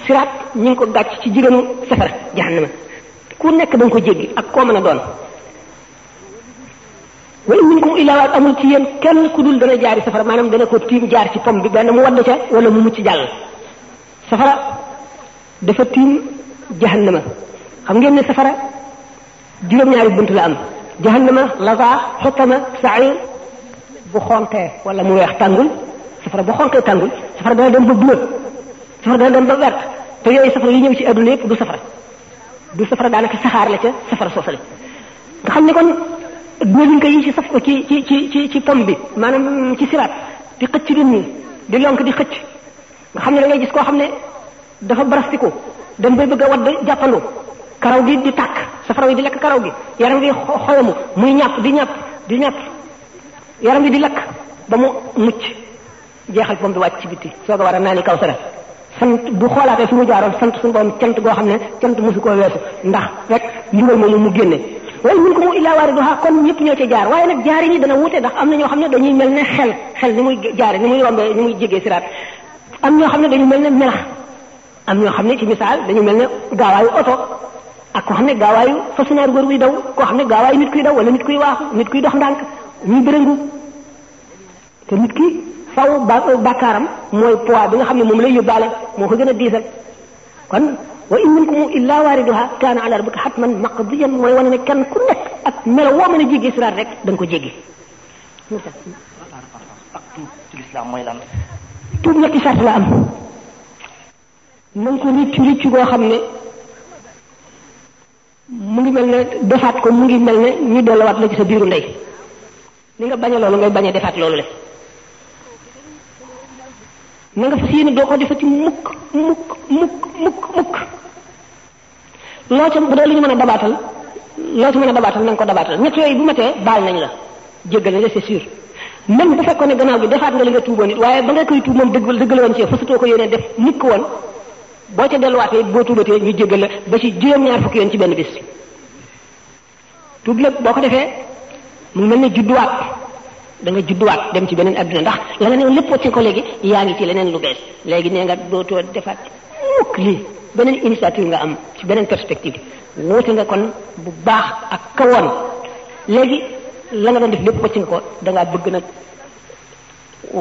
siraat ñu ngi ko gàcc ci jigéenu safara jahannama ku nekk ba ko jéggi ak koo mën a doon wala minkum illaa amul ci yéen kenn ku dul dana jaari safara maanaam dana ko tiim jaar ci pom bi benn mu wadd ca wala mu mucc jàll safara dafa tiim jahannama xam ngeen ne safara juróom-ñaari bunt la am jahannama laza xutama sair bu xonkee wala mu weex tàngul safara bu xonkee tàngul safara dana dem ba bleu safara dana dem ba vert te yooyu safara yi ñëw ci adduna yëpp du safara du safara daanaka saxaar la ca safara soosale nga xam ne kon dinañ ko yi ci saf ci ci ci ci ci pom bi maanaam ci siraat di xëcc nit ñi di lonk di xëcc nga xam ne da ngay gis koo xam ne dafa barastiku dem bay bëgg a wadd jàppandoo karaw gi di tàkk safara yi di lekk karaw gi yaram gi xoyamu muy ñàpp di ñàpp di ñàpp yaram gi di lakk ba mu mucc jeexal pom bi wàcc ci bitti soog a war a naani kaw sara sant bu xoolaatee fi mu jaaroon sant suñu borom cant goo xam ne cant mosu koo weesu ndax rek ndigal moomu mu génne wala mun ko mu illaa waariduha kon ñëpp ñoo ci jaar waaye nag jaari ni dana wute ndax am na ñoo xam ne dañuy mel ne xel xel ni muy jaare ni muy rombee ni muy jégee siraat am ñoo xam ne dañu mel ne melax am ñoo xam ne ci misaal dañu mel ne gaawaayu oto ak koo xam ne gaawaayu façonnaire góor buy daw koo xam ne gaawaayu nit kuy daw wala nit kuy waaxu nit kuy dox ndànk ñuy bërëngu te nit ki faw ba bàkkaaram mooy poids bi nga xam ne moom lay yóbbaale moo ko gën a diisal kon wa in minkum illa waariduha kaana ala rabbika hatman maqdiyan mooy wane ne kenn ku nekk ak melo woo mën rek da ko jéggi ak tuub ci sart la am na nga ko rëccu rëccu goo xam ne mu ngi mel ne defaat ko mu ngi mel ne ñu delluwaat la ci sa biiru ndey li nga bañ a loolu ngay bañ a defaat loolu le na nga fas yéene doo ko ci mukk mukk mukk mukk mukk loo ca bu dee lu ñu mën a dabaatal loo ci mën a dabaatal na ko dabaatal ñett yooyu bu matee baal nañ la jéggal nañ la c'est sûr même bu fekkoon ne gannaaw gi defaat nga li nga tuuboon it waaye ba nga koy tuub moom dëgg dëgg la woon ci fasutoo ko yéene boo ca delluwaatee boo tuubatee ñu jéggal la ba ci juróom-ñaar fukki yoon ci benn bis tuub la boo ko defee mu mel ne judduwaat da nga judduwaat dem ci beneen adduna ndax la nga ne lépp wàcce ko léegi yaa ngi ci leneen lu bees léegi nee nga dootoo defaat mukk lii beneen initiative nga am ci beneen perspective woote nga kon bu baax ak kawoon léegi la nga def lépp wàcce nga ko da ngaa bëgg nag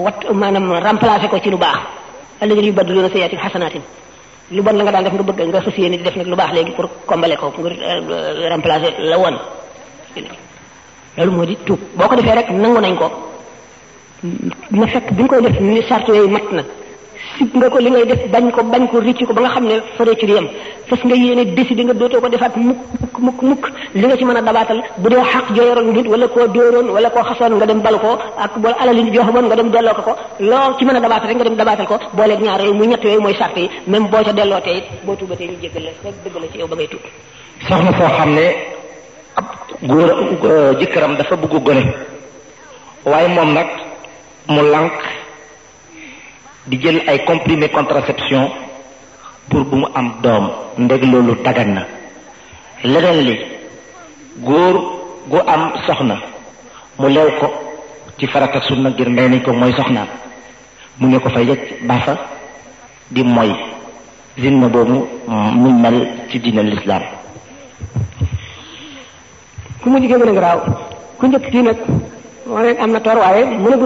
wat maanaam remplacer ko ci lu baax alladina yubaddiluna sayyiatin xasanaatin lu bon la nga daan def nga bëgg nga fas yéene di def nag lu baax léegi pour combler ko nga euh, la woon loolu moo di tuub boo ko defee rek nangu nañ ko na fekk bi nga koy def ni sart yooyu mat na sib nga ko li ngay def bañ ko bañ ko ricc ko ba nga xam ne fëree ci yam fas nga yéene décidé nga dootoo ko defaat mukk mukk mukk mukk li nga ci mën bu dee xaq wala koo dóoroon wala koo xasoon nga dem bal ko ak boole alal li joxamoon nga dem ko ko loo ci mën a dabaatal rek nga dem dabaatal ko booleeg ñaar yooyu muy ñett yooyu mooy sart yi même boo ca delloo te it boo tuubatee ñu jéggal la rek dëgg la ci yow ba ngay tuub soxna soo xam ne góor euh, jëkkëram dafa bëgg gone waaye moom nag mu lànk di jël ay comprimé contraception pour bu mu am doom ndeg loolu dagan na leneen li góor gu am soxna mu lew ko ci farata sunna ngir may nañ ko mooy soxnaam mu ne ko fa yëg baafa di mooy zin na boobu mu mel ci diinal lislaam ku mujj gën a garaaw ku njëkk kii nag moo leen am na toor waaye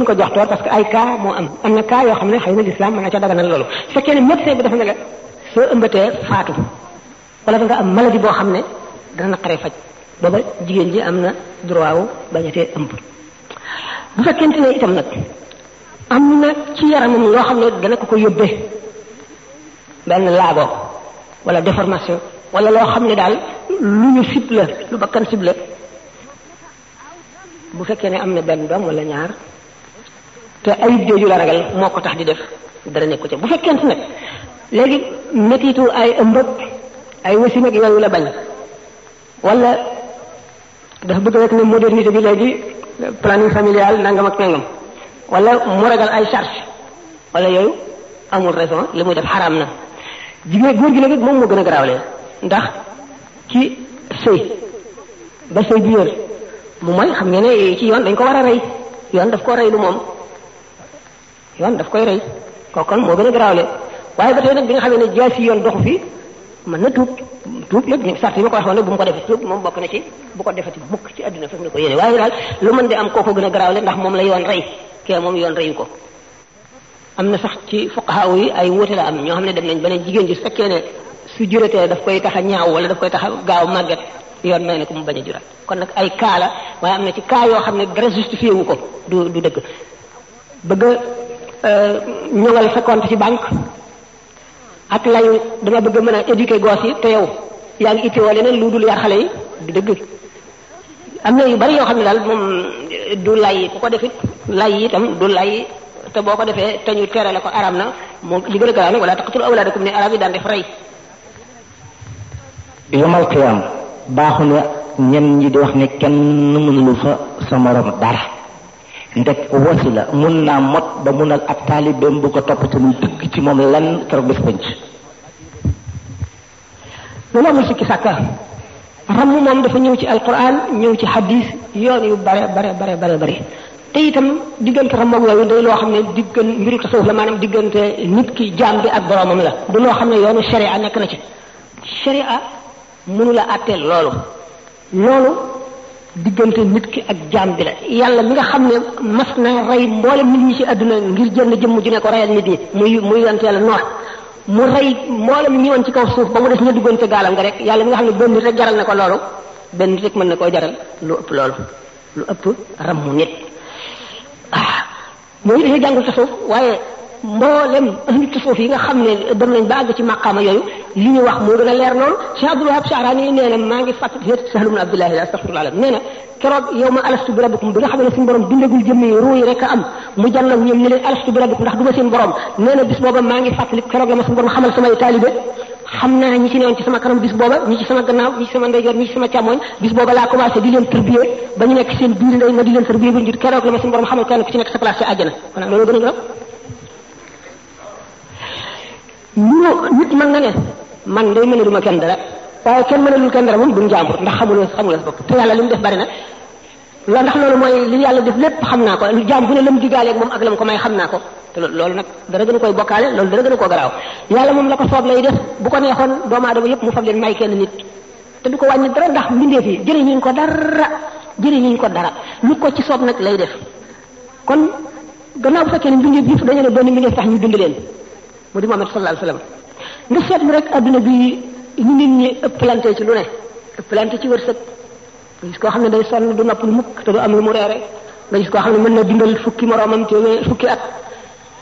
ko jox toor parce que ay cas moo am am na cas yoo xam ne xëy na lislaam mën na ca daganal loolu su fekkee ne médecin bi dafa ne la soo ëmbatee faatu wala da nga am maladie boo xam ne dana naqaree faj booba jigéen ji am na droit wu bañatee ëmb bu fekkente ne itam nag am ko ko yóbbee benn laago wala déformation wala loo xam ne daal lu ñu sib la lu bakkan sib la bu fekkee ne am na benn doom wala ñaar te ayib jooju la ragal moo ko tax di def dara nekku ca bu fekkente nag léegi métitu ay ëmbëg ay wasin ak yooyu la bañ wala dafa bëgg rek ne modernité bi léegi planning wala mu ragal ay charge wala yooyu amul raison li muy def xaraam na jigéen góor gi nag moom moo gën a garaawle ndax ki sëy ba sëy bi wér mu mooy xam ngeen ne ci yoon dañ ko war a rey yoon daf ko rey lu moom yoon daf koy rey kooku kon moo gën a garaawle waaye ba tey nag bi nga xamee ne jaay si yoon doxu fi mën na tuub tuub lépp sart yi ma bu mu ko defee tuub moom bokk na ci bu ko defati mukk ci àdduna fekk na ko yéene waaye daal lu mën di am kooku gën a garaawle ndax moom la yoon rey kee moom yoon reyu ko am na sax ci fuqahaa yi ay wóote la am ñoo xam ne dem nañ ba ne jigéen ji fekkee ne su juratee daf koy tax a ñaaw wala daf koy tax a gaaw màgget yoon may na ko mu bañ a juraat kon nag ay kaa la waaye am na ci kaa yoo xam ne dara justifié ko du du dëgg bëgg a euh, ñëwal ci banque ak layu dama bëgg mën a éduquer goos yi te yow yaa ngi itteewoo leneen lu dul yar xale yi du dëgg am na yu bari yoo xam ne daal moom du lay ku ko defit lay tam du lay te boo ko defee te ñu terale ko aram na moom li gën a garaaw nag wala de awlaadakum ne arab yi daan def rey. yomal qiyaam baaxu na ñenn ñi di wax ne kenn mënulu fa sa morom dara ndek wasi la mun naa mot ba munal ab taalibeem bu ko topp ci muy ci moom lan keroog bés bënc loolu amul sikki sàkka ramm dafa ñëw ci alquran ñëw ci hadis yoon yu bare bare bare bare bare te diggante ramm ak yooyu loo xam ne diggante diggante nit ki jaam bi ak boroomam la du loo xam ne yoonu sharia nekk na ci sharia mënu la àtteel loolu loolu diggante nit ki ak jaam bi la yàlla mi nga xam ne mas na rey mboolem nit ñi ci àdduna ngir jënd jëmm ju ne ko reyal nit ñi muy muy yonent la noox mu rey mboolem ñi woon ci kaw suuf ba mu def ñu duggoon ca gaalam nga rek yàlla mi nga xam ne benn nit rek jaral na ko loolu benn nit rek mën na koo jaral lu ëpp loolu lu ëpp ram mu nit ah mooy dañuy jàngul tasawuf waaye mboolem ahlu tasawuf yi nga xam ne dem nañ ba àgg ci maqaama yooyu li ñu wax moo gën a leer noonu Cheikh Abdul Wahab Sha'rani nee na maa ngi fàttali déet Sahl ibn Abdullah astaghfirullah nee na keroog yow ma alastu bi rabbikum bi nga xam ne suñu borom bindagul jëmm yi ruu yi rek a am mu jàll ak ñoom ñu leen alastu bi rabbikum ndax du ma seen borom nee na bis booba maa ngi fàttali keroog la ma suñu borom xamal samay taalibe xam naa ñi ci newoon ci sama kanam bis booba ñi ci sama gannaaw ñi ci sama ndeyjoor ñi ci sama càmmoñ bis booba laa commencé di leen tërbiyee ba ñu nekk seen biir ndey ma di leen tërbiyee ba ñu keroog la ma suñu borom xamal kenn ku ci nekk sa place ci àjjana lu nit man na ne man day mën a duma kenn dara waaye kenn mën a lul kenn dara moom duñ jàmbur ndax xamuloo xamuloo sa bopp te yàlla li mu def bari na loolu ndax loolu mooy li yàlla def lépp xam naa ko lu jaam bu ne la mu digaaleeg moom ak la mu ko may xam naa ko te loolu nag dara gën a koy bokkaale loolu dara gën a koo garaaw yàlla ko soob lay def bu ko neexoon doomu aadama yëpp mu fab leen may kenn nit te du ko wàññi dara ndax mbindeef yi jëriñuñ ko dara jëriñuñ ko dara lu ko ci soob nag lay def kon gannaaw bu fekkee ne mbindeef yëpp dañu ne benn mbindeef tax ñu bind leen mu di Muhammad sallallahu alayhi wasallam nga mi rek adduna bi ñu nit ñi ëppalante ci lu ne ëppalante ci wërsëg nga gis koo xam ne day sonn du nopp lu mukk te du am lu mu reere nga gis koo xam ne mën na dindal fukki moroomam téeméer fukki at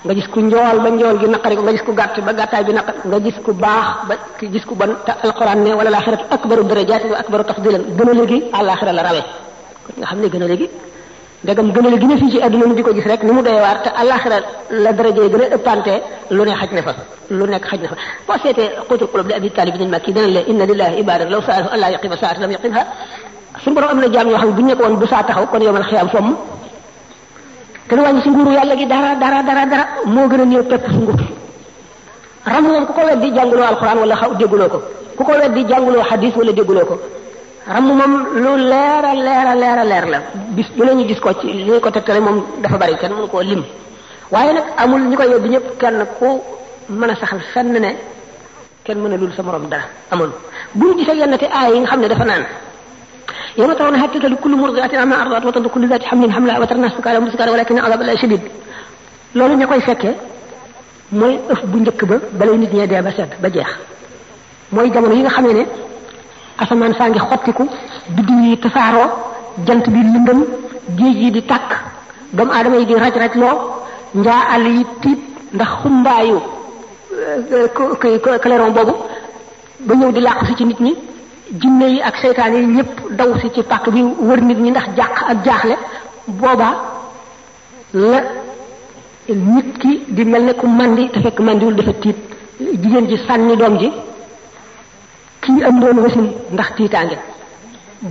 nga gis ku njool ba njool gi naqari ko nga gis ku gàtt ba gàttaay bi naqari nga gis ku baax ba ki gis ku bon te alquran ne wala laaxiratu akbaru darajaati wa akbaru tafdilan gën a léegi àllaaxira la rawe kon nga xam ne gën léegi ndegam gënale gi ne fii ci àdduna ni di ko gis rek ni mu doy waar te àllaaxira la daraje gën a ëppante lu ne xaj na fa lu nekk xaj na fa boo seetee xutul xulub li abi taalib bin makki dana la inna lillahi ibadan law saalahu allah yaqima saat lam yaqimha suñu borom am na jaam yoo xam bu ñu nekk woon bu saa taxaw kon yomal xiyaam fomm te du wàññi si nguuru yàlla gi dara dara dara dara moo gën a néew pepp su nguur ram moom ku ko weddi jànguloo alquran wala xaw dégguloo ko ku ko weddi jànguloo xadis wala dégguloo ko ramm moom lu leer a leer a leer leer la bis bu ñu gis ko ci li ñu ko tegtale moom dafa bari kenn mënu koo lim waaye nag amul ñi koy yóbbu ñëpp kenn ku mën a saxal fenn ne kenn mën a lul sa morom dara amul bu ñu gisee yenn te aay yi nga xam ne dafa naan yawma tarawna hatta tadlu kullu murdi'atin amma arda'at wa tadlu kullu dhati hamlin hamlaha wa tara an-nasa sukaara wa hum sukaara walakinna 'adhaba Allahi loolu ña koy fekkee mooy ëf bu njëkk ba balay nit ñee dee ba sedd ba jeex mooy jamono yi nga xam ne asamaan saa ngi xottiku biddiw yi tasaaroo jant bi lëndëm géej yi di tàkk doomu aadama yi di raj raj loo njaa àll yi tiit ndax xumbaayu euh, clairon boobu ba ñëw di làqu si ci nit ñi jinne yi ak seytaan yi ñëpp daw si ci pàkk bi wër nit ñi ndax jàq ak jaaxle boobaa la nit ki di mel ne ku mandi te fekk mandiwul dafa tiit jigéen ji sànni doom ji kii am doon wasin ndax tiitaange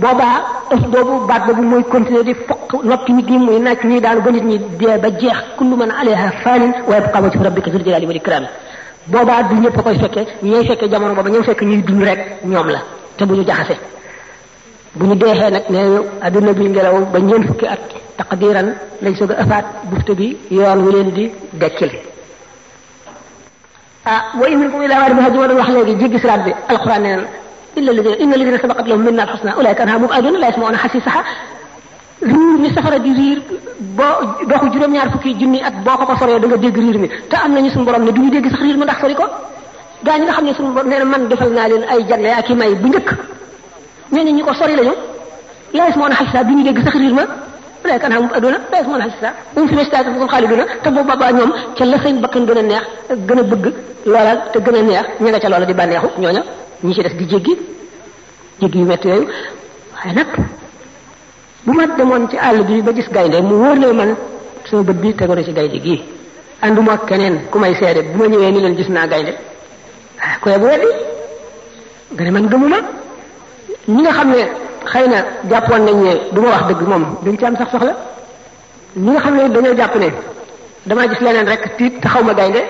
boobaa ëf boobu baat bu mooy continuer di fokk noppi nit ñi muy naaj ñuy daanu ba nit ñi dee ba jeex kullu man alayha faanin wa yabqa wajhu rabbika zul jalali wal ikram boobaa du ñëpp koy fekkee ñooy fekkee jamono booba ñoo fekk ñuy dund rek ñoom la te bu ñu jaxase bu ñu deexee nag ne adduna bi ngelaw ba ñeent fukki at taqdiran lañ soog a afaat bufte bi yoon wi leen di dekkil ah wa in minkum illaa waariduhaa ji ma doon wax léegi jéggi siraat bi alquran nee na illa alladina inna alladina sabaqat lahum minna alxusna ulaika anha mubaduna la yasmauna xasisaha di riir boo doxu juróom-ñaar fukki junni at boo ko ko soree da nga dégg riir mi te am nañu suñu borom ne du ñu dégg sax riir mi ndax sori ko gaa ñi nga xam ne suñu na man defal naa leen ay jagle ak i may bu njëkk ñooñu ñi ko sori lañu la yasmauna xasisaha du ñu dégg sax riir ma ulayka anhum aduna bes mun asisa um fi mistaka fukum xaaliduna te bu boobaa ñoom ca la seen bakkan gën a neex gën a bëgg loola te gën a neex ña nga ca loola di bànneexu ñooña ñi ci des di jéggi jéggi yu métti yooyu waaye nag bu ma demoon ci àll bi ba gis gaynde mu wóor ne man sama bët bi tegu ci gaynde gii ànduma ak keneen ku may seede bu ma ñëwee ni leen gis naa gaynde ah koy bu weddi nga ne man gëmuma ñi nga xam ne xëy na jàppoon nañ ne du ma wax dëgg moom duñ ci am sax soxla ñi nga xam ne dañoo jàpp ne damaa gis leneen rek tiit te xaw ma gaynde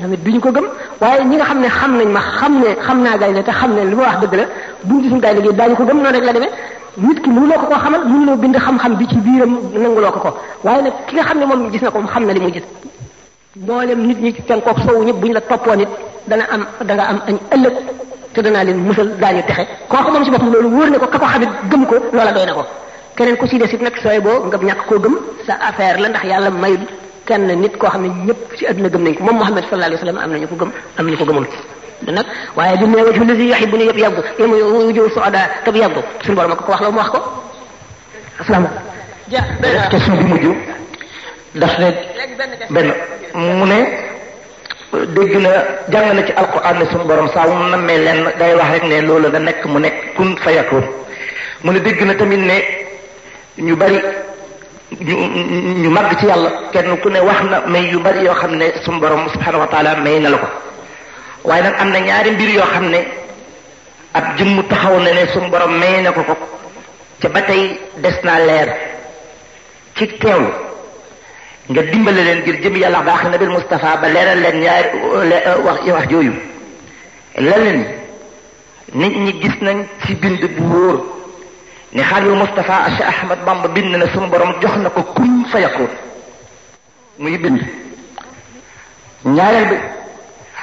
tamit ko gëm waaye ñi nga xam ne xam nañ ma xam ne xam naa gaynde te xam ne li ma wax dëgg la buñ gisuñ gaynde gi daañu ko gëm noonu rek la demee nit ki mënuloo ko koo xamal mënuloo bind xam-xam bi ci biiram loo ko ko waaye nag ki nga xam ne moom gis na ko xam na li mu gis mboolem nit ñi ci tenkook soowu ñëpp buñ la toppoo nit dana am da am añ ëllëg te danaa leen musal daañu texe kooku moom ci boppam loolu wóor ne ko ka ko xamit gëm ko loola doy na ko keneen ku ci des it nag sooy boo nga ñàkk ko gëm sa affaire la ndax yàlla mayul kenn nit koo xam ne ñëpp ci àdduna gëm nañ ko moom Muhammad sallallahu alayhi wa sallam am nañu ko gëm am nañu ko gëmul nag waaye bi neewaju lisi yoxi bu ne yëpp yàggu ému jow soda tab yàggu suñu borom a ko ko wax la mu wax ko asalaamaaleykum te suñ bi mujj daf ne benn mu ne dëgg na jàng na ci alquran ne suñu borom saa mu nammee lenn day wax rek ne loolu nga nekk mu nekk kun fayakun mu ne dégg na tamit ne ñu bari ñu ñu màgg ci yàlla kenn ku ne wax na may yu bari yoo xam ne suñu borom subhanahu wa taala may na la ko waaye nag am na ñaari mbir yoo xam ne ab jëmm taxaw na ne suñu borom may na ko ko ca ba tey des naa leer ci teewlu nga dimbale leen ngir jëm yàlla baax na bil Mustafa ba leeral leen ñaari wax wax jooyu la leen nit ñi gis nañ ci bind bu wóor ne xaalul Mustafa Cheikh Ahmad Bamba bind na sunu borom jox na ko kun fayakun muy bind ñaareel bi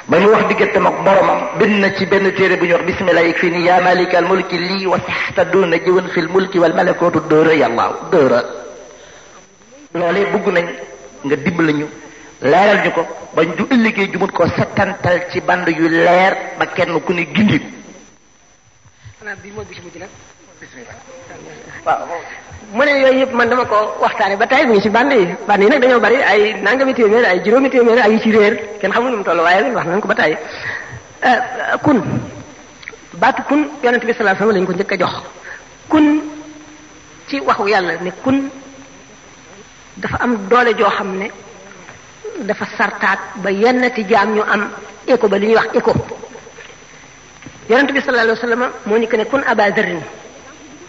ba wax diggante ak boromam bind na ci benn téere bu ñor wax bismillah yëg fii ni yaa malikal mulki lii saxta doona jëwan fil mulki wal malakootu dóora yàllaaw dóora loolee bugg nañ nga dimbali ñu leeral ñu ko ba ñu du ëllëgee jumut ko settantal ci band yu leer ba kenn ku ne gindi xanaa bi mooy bi ci mujj mu ne yooyu yëpp man dama ko waxtaane ba tey bu ngi ci band yi band yi nag dañoo bari ay nangami téeméer ay juróomi téeméer ay yu ci réer kenn xamul mu toll waaye wax nañ ko ba tey euh, euh, kun baatu kun yonent bi sallallahu alayhi wasallam lañ ko njëkk a jox kun ci waxu yàlla ne kun dafa am doole joo xam ne dafa sartaat ba yennati jaam ñu am écho ba li ñuy wax écho yonent bi sallallahu alayhi wa moo ñu ko ne kun aba zarrin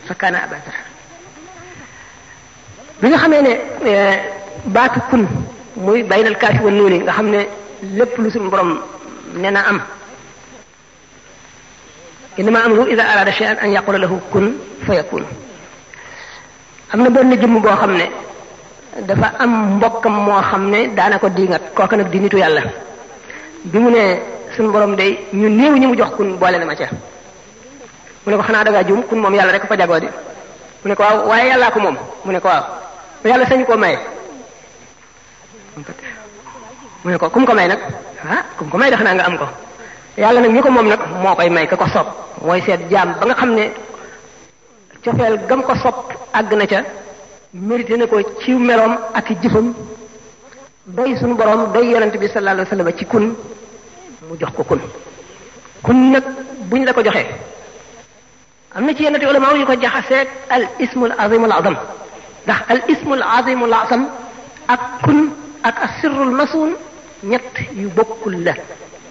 fa kaana aba zar bi nga xamee ne eh, baatu kun muy baynal kaafi wa nga xam ne lépp lu suñu borom nee na am innama amruhu ida arada shay'an an yaqula lahu kun fa yakun am na benn jëmm boo xam ne dafa am mbokkam moo xam ne daana ko kooka nag di nitu yàlla bi mu ne suñu borom de ñu néew ñi mu jox kun boole na ma ca mu ne ko xanaa dangaa juum kun moom yàlla rek fa jagoo di mu ne ko waaw waaye yàllaa ko moom mu ne ko waaw yàlla sañu koo maye mu ne ko kum ko may nag ah kum ko may de xanaa nga am ko yàlla nag ñi ko moom nag moo koy may ka ko sopp mooy seet jaam ba nga xam ne cofeel gam ko sopp àgg na ca mérité na ko ci meloom ak jëfam doy suñu borom doy yonent bi sallallahu alayhi wasallam ci kun mu jox ko kun kun nag buñ la ko joxee am na ci yenn ulama yu ko jaxaseeg al ismul azimul azam ndax al ismul azimul azam ak kun ak asirrul masuun ñett yu bokkul la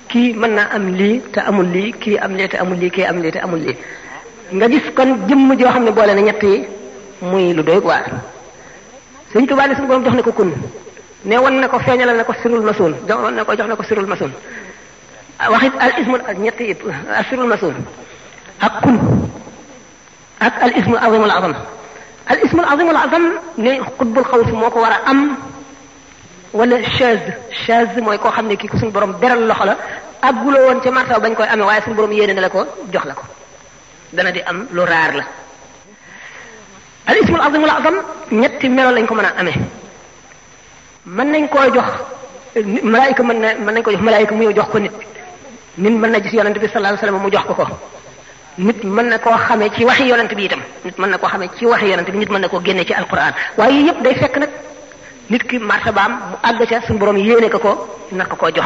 kii mën naa am lii te amul lii kii am lee te amul lii kii am lee amul lii nga gis kon jëmm joo xam ne boole na ñett yi muy lu doy waar sëñ Tuubaa ne suñu borom jox na ko kun ne won na ko feeñalal na ko sirul masoon jox won na ko jox na ko sirul masoon waxit al ismul ak ñetti it al sirul masoon ak kun ak al ismul azimul azam al ismul azimul azam ne xutbul xaw si moo ko war a am wala chaise chaise mooy koo xam ne kii ku suñu borom beral loxo la àgguloo woon ca martaw bañ koy amee waaye suñu borom yéene na la ko jox la ko dana di am lu raar la al ismul azimul azam ñetti melo lañ ko mën a amee mën nañ koo jox malaayika mën na mën nañ ko jox malaayika mu ñëw jox ko nit nit mën na gis yonent bi sallallahu alayhi wasallam mu jox ko ko nit mën na koo xamee ci waxi yonante bi itam nit mën na koo xamee ci waxi yonent nit mën na koo génne ci alquran waaye yii yëpp day fekk nag nit ki martabaam mu àgg ca suñu borom yéene ko ko nar ko koo jox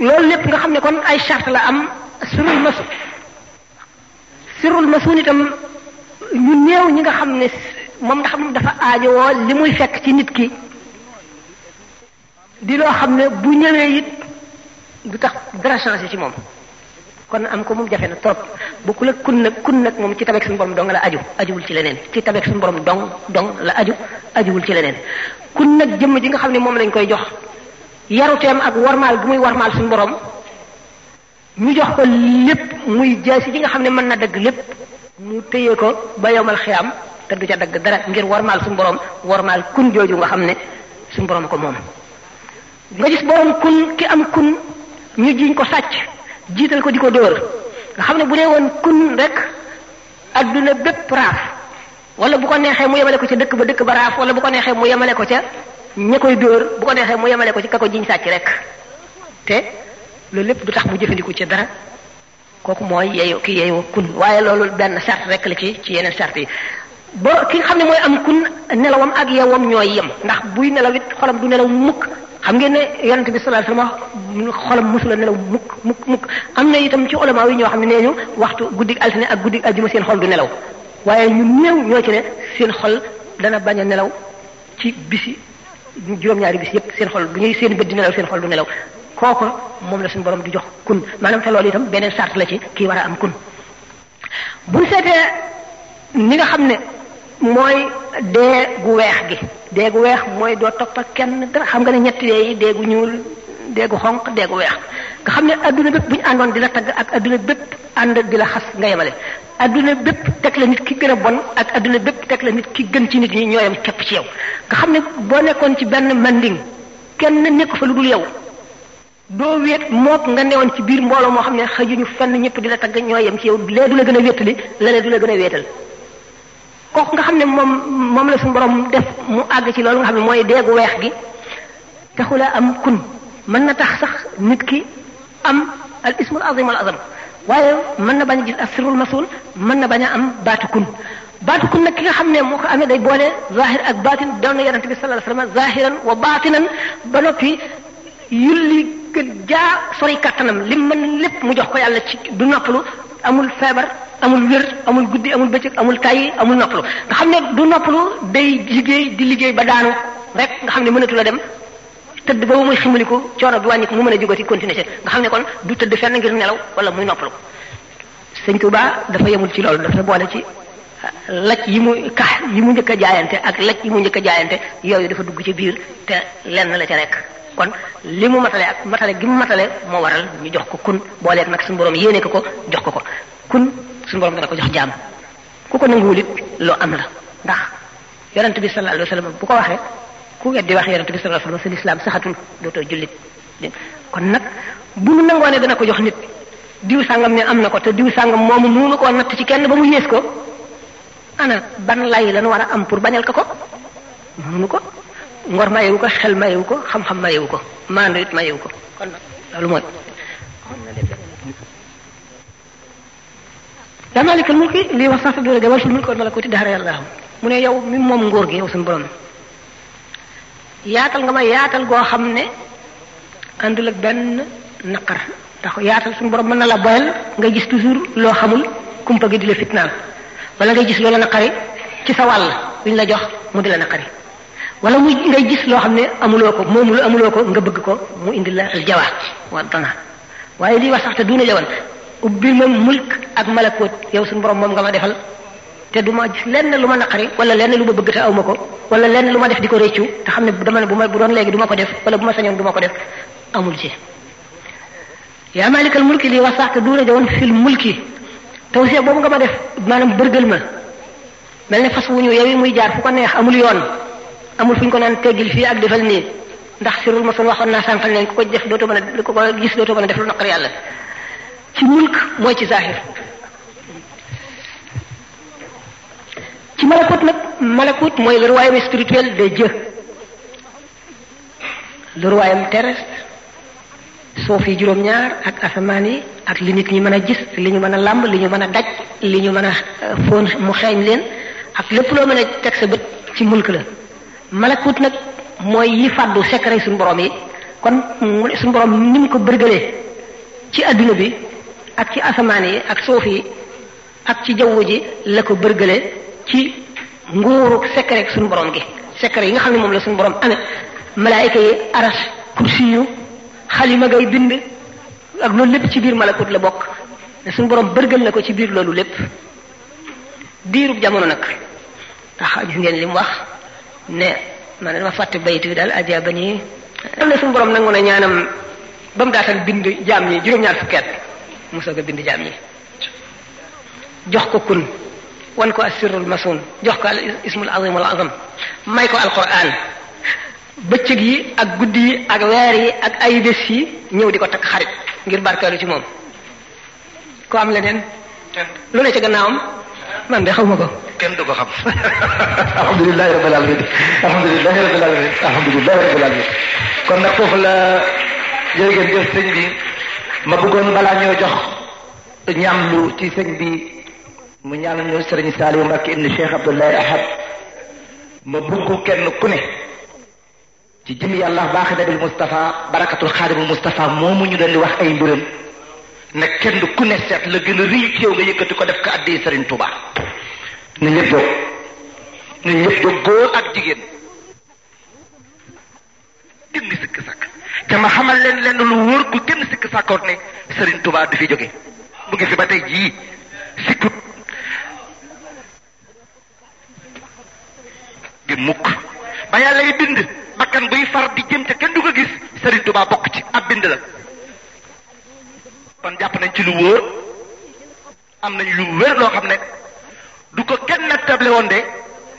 loolu lépp nga xam ne kon ay charte la am sirrul masu sirrul masu itam ñu néew ñi nga xam ne moom ndax moom dafa aajowoo li muy fekk ci nit ki di loo xam ne bu ñëwee it du tax dara changé ci moom kon am ko moom jafe na trop bu ku la kun nag kun nag moom ci tabeek suñu borom dong la aju ci leneen ci tabeek suñu borom dong dong la aju ajuwul ci leneen kun nag jëmm ji nga xam ne moom lañ koy jox yaruteem ak warmaal bu muy warmaal suñu borom ñu jox ko lépp muy jaasi ji nga xam ne mën na dëgg lépp mu téye ko ba yowmal xiyam te du ca dagg dara ngir warmaal suñu borom warmaal kun jooju nga xam ne suñu borom ko moom nga gis borom kun ki am kun ñu jiiñ ko sàcc jiital ko di ko dóor nga xam ne bu dee woon kun rek adduna bépp raaf wala bu ko neexee mu yemale ko ca dëkk ba dëkk ba raaf wala ko neexee mu yemale ko ca ña koy dóor bu ko neexee mu yemale ko ci ka ko jiñ sàcc rek te loolu lépp du tax mu jëfandiku ca dara kooku mooy yeeyu ki yeeyu kun waaye loolu benn sart rek la ci ci yeneen sart yi ba ki nga xam ne mooy am kun nelawam ak yeewam ñooy yem ndax buy nelaw it xolam du nelaw mukk xam ngeen ne yonent bi sallallahu alayhi wasallam xolam mosula nelaw mukk mukk mukk am na itam ci ulama yi ñoo xam ne nee ñu waxtu guddig altine ak guddig aljuma seen xol du nelaw waaye ñu néew ñoo ci ne seen xol dana bañ a nelaw ci bisi juróom-ñaari bis yépp seen xol bu ñuy seen bët di nelaw seen xol du nelaw kooku moom la suñu boroom di jox kun maanaam te yi itam beneen sart la ci kii war a am kun bu seetee ni nga xam ne mooy dee gu weex gi dee gu weex mooy doo topp kenn dara xam nga ne ñetti dee yi dee gu ñuul dee gu xonq dee gu weex nga xam ne àdduna bépp bu ñu àndoon di la tagg ak àdduna bépp ànd di la xas nga yemale adduna bépp teg la nit ki gën a bon ak adduna bépp teg la nit ki gën ci nit ñi ñooyam képp ci yow nga xam ne boo nekkoon ci benn manding kenn nekku fa lu yow doo wéet mook nga newoon ci biir mbooloo moo xam ne xëjuñu fenn ñëpp di la tagg ñoo yem ci yow lee du la gën a wéttali la du la gën a wéetal kooku nga xam ne moom moom la suñu borom def mu àgg ci loolu xam ne mooy deegu weex gi taxula am kun mën na tax sax nit ki am al ismul azim al azam waaye mën na bañ a gis asirul masul mën na bañ a am baatu kun baatu kun nag ki nga xam ne moo ko amee day boole zahir ak baatin doon na yonente bi sallallahu alayhi wasallam zahiran wa baatinan ba noppi yulli gën jaa sori kattanam li mën lépp mu jox ko yàlla ci du noppalu amul feebar amul wér amul guddi amul bëccëg amul tàyyi amul noppalu nga xam ne du noppalu day liggéey di liggéey ba daanu rek nga xam ne mënatu la dem tëdd boobu muy ximaliku coono bi wàññi ko mu mën a jógati continuer ci nga xam ne kon du tëdd fenn ngir nelaw wala muy noppalu sëñ Tuubaa dafa yemul ci loolu dafa boole ci laj yi mu kax yi mu njëkk a jaayante ak laj yi mu njëkk a jaayante yooyu dafa dugg ci biir te lenn la ca rek kon li mu matale ak matale gi mu matale moo waral ñu jox ko kun booleeg nag suñu borom yéene ko ko jox ko ko kun suñu borom dana ko jox jaam ku ko nanguwul loo am la ndax bi sallallahu alayhi wa sallam bu ko waxee ku weddi wax yonent bi sallallahu alayhi wa sallam sa lislaam saxatul dootoo jullit kon nag bu nu nangoo ne dana ne am na ko te diw sàngam moomu muunu koo natt ci kenn ba mu yées ko ana ban lay lañu war a am pour bañal ko ko mënuñu ko ko xel ko xam-xam ko maandu it mayewu ko kon mu ne yow mi moom ngóor gi yow suñu borom yaatal nga ma yaatal goo xam ne àndul ak benn naqar ndax yaatal suñu borom mën na la boyal nga gis toujours loo xamul kumpa gi di fitnaal wala ngay gis loola naqari ci sa wàll luñ la jox mu di la naqari wala muy ngay gis loo xam ne amuloo ko moomul amuloo ko nga bëgg ko mu indi la aljawa wa dana waaye lii wax sax te duuna jawan ubbil ma mulk ak malakoot yow suñu borom moom nga ma defal te du ma gis lenn lu ma naqari wala lenn lu ma bëgg te aw ma ko wala lenn lu ma def di ko réccu te xam ne dama ne bu ma bu doon léegi ko def wala bu ma sañoon du ma ko def amul ci yaa malikal wax sax te duuna jawan fil mulki tawsiya boobu nga ma def maanaam bërgël ma mel ne fas wu ñu yow yi muy jaar fu ko neex amul yoon amul fu ñu ko naan teggil fii ak defal nii ndax sirul ma son waxoon naa sànqal leen ku ko def dootoo mën a ku ko gis dootoo mën a def lu naqar yàlla ci mulk mooy ci zahir ci malakut nag malakut mooy le royaume spirituel de Dieu le royaume terrestre suuf yi juróom-ñaar ak asamaan yi ak li nit ñi mën a gis li ñu mën a làmb li ñu mën a daj li ñu mën a euh, foon mu xeeñ leen ak lépp loo mën a teg sa bët ci mulk la malakut nag mooy yi fàddu secret suñu borom yi kon suñu borom ni mu ko bërgalee ci adduna bi ak ci asamaan yi ak suuf yi ak ci jaww ji la ko bërgalee ci nguuru secret suñu borom gi secret yi nga xam ne moom la suñu borom amee malaayika yi aras kursi yu xalima ngay bind ak loolu lépp ci biir malakut la bokk te suñu borom bërgal ko ci biir loolu lépp diirub jamono nag tax gis ngeen li mu wax ne man dama fàtte bayit bi daal ajabani am na suñu borom nangu na ñaanam ba mu daatal bind jaam ñi juróom-ñaar fukki at mu soog a bind jaam ñi jox ko kun wan ko assirul masun jox ko al ismul azim wal azam may ko alquran bëccëg yi ak guddi yi ak weer yi ak ay bés yi ñëw di ko takk xarit ngir barkeelu ci moom ko am leneen lu ne ci gannaawam man de xaw ma ko kenn du ko xam alhamdulilahi rabbil alamin alhamdulilahi rabbil alamin alhamdulilahi rabbil alamin kon nag foofu la jërëgéen jëf sëñ bi ma bëggoon balaa ñoo jox ñaamlu ci sëñ bi mu ñaanal ñu sëriñ Saliou Mbacke ibn Cheikh Abdoulaye Ahad ma bëgg kenn ku ne ci jëm yàlla baaxidabil Moustapha barakatul xaadimul Moustapha mu ñu doon di wax ay mbiram na kenn ku ne seet la gën a rëy ci yow nga yëkkati ko def ko addi Serigne Touba. na ñëpp jóg na ñëpp jóg góor ak jigéen. kenn sikk sàkk te ma xamal leen lenn lu wóor gu kenn sikk sàkkoot ne Serigne Touba du fi jóge mu ngi fi ba tey jii sikkut di mukk. ba yàlla yi bind bakkan buy far di jëm te kenn du ko gis Serigne Touba bokk ci ab bind la kon jàpp nañ ci lu wóor am nañ lu wér loo xam ne du ko kenn nag table woon de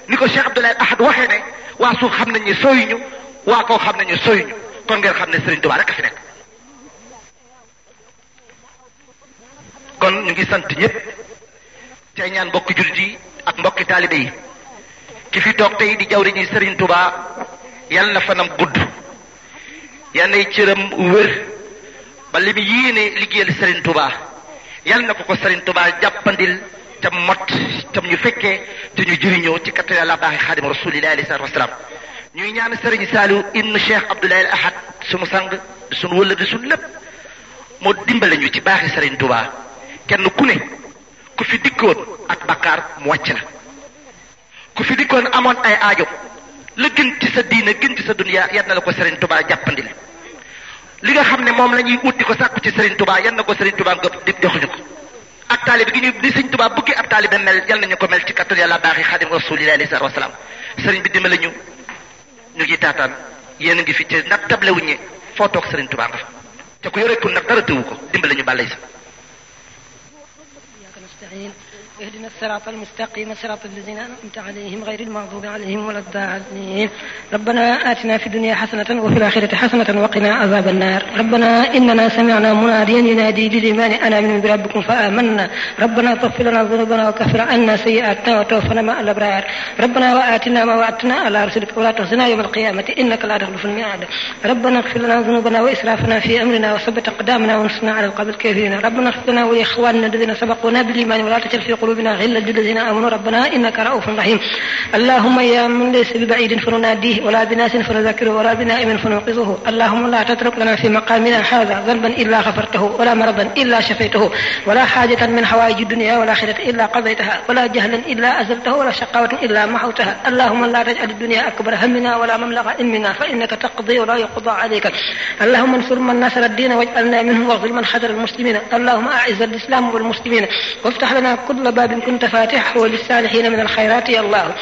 ni ko Cheikh Abdoulaye Ahad waxee ne waa suuf xam nañ ne sooyuñu waa kaw xam nañ ne sooyuñu kon ngeen xam ne Serigne Touba rek a fi nekk. kon ñu ngi sant ñëpp tey ñaan mbokki jullit yi ak mbokki taalibe yi. ki fi toog tey di jawri ji Serigne Touba yal na fanam gudd yal nay cëram wér ba li yéene liggéeyal Serigne Touba yal na ko ko Serigne Touba jàppandil te mot tam ñu fekkee te ñu jëriñoo ci kattan yàlla baaxi xaadim rasulillahi alayhi salaatu wasalaam ñuy ñaan Serigne Saliou ibn Cheikh Abdoulaye al Ahad suñu sang di suñu wëllëg lépp moo dimbale ñu ci baaxi Serigne Touba kenn ku ne ku fi dikkoon ak bakkaar mu wàcc la ku fi dikkoon amoon ay aajo la gën ci sa diina gën ci sa duniya yan na la ko Serigne tubaa jàppandil li nga xam ne moom la ñuy ut di ko sàkku ci Serigne Touba yan na ko Serigne Touba nga di joxuñu ko ak taalib gi ñu ni Serigne Touba bëgg ab taalibe mel na nañu ko mel ci kattan yàlla baax yi xadim rasulillahi alayhi salaatu wasalaam Serigne bi dimbale ñu ñu ngi taataan yéen a ngi fi ci nag table wuññe foo toog Serigne Touba nga fa te ku yoreekul nag dara tëwu ko dimbale ñu bàllay اهدنا الصراط المستقيم صراط الذين أنعمت عليهم غير المغضوب عليهم ولا الضالين ربنا آتنا في الدنيا حسنة وفي الآخرة حسنة وقنا عذاب النار ربنا إننا سمعنا مناديا ينادي للإيمان أنا من بربكم فآمنا ربنا اغفر لنا ذنوبنا وكفر عنا سيئاتنا وتوفنا مع الأبرار ربنا وآتنا ما وعدتنا على رسلك ولا تخزنا يوم القيامة إنك لا تخلف الميعاد ربنا اغفر لنا ذنوبنا وإسرافنا في أمرنا وثبت أقدامنا وانصرنا على القوم الكافرين ربنا اغفر لنا ولإخواننا الذين سبقونا بالإيمان ولا تجعل في قلوبنا بقلوبنا غلا للذين آمنوا ربنا إنك رؤوف رحيم اللهم يا من ليس ببعيد فنناديه ولا بناس فنذكره ولا بنائم فنوقظه اللهم لا تترك لنا في مقامنا هذا ذنبا إلا غفرته ولا مرضا إلا شفيته ولا حاجة من حوائج الدنيا والآخرة إلا قضيتها ولا جهلا إلا أزلته ولا شقاوة إلا محوتها اللهم لا تجعل الدنيا أكبر همنا ولا مبلغ علمنا فإنك تقضي ولا يقضى عليك اللهم انصر من نصر الدين واجعلنا منهم واغفر من حذر المسلمين اللهم أعز الإسلام والمسلمين وافتح لنا كل باب باب كنت فاتحه للسالحين من الخيرات يا الله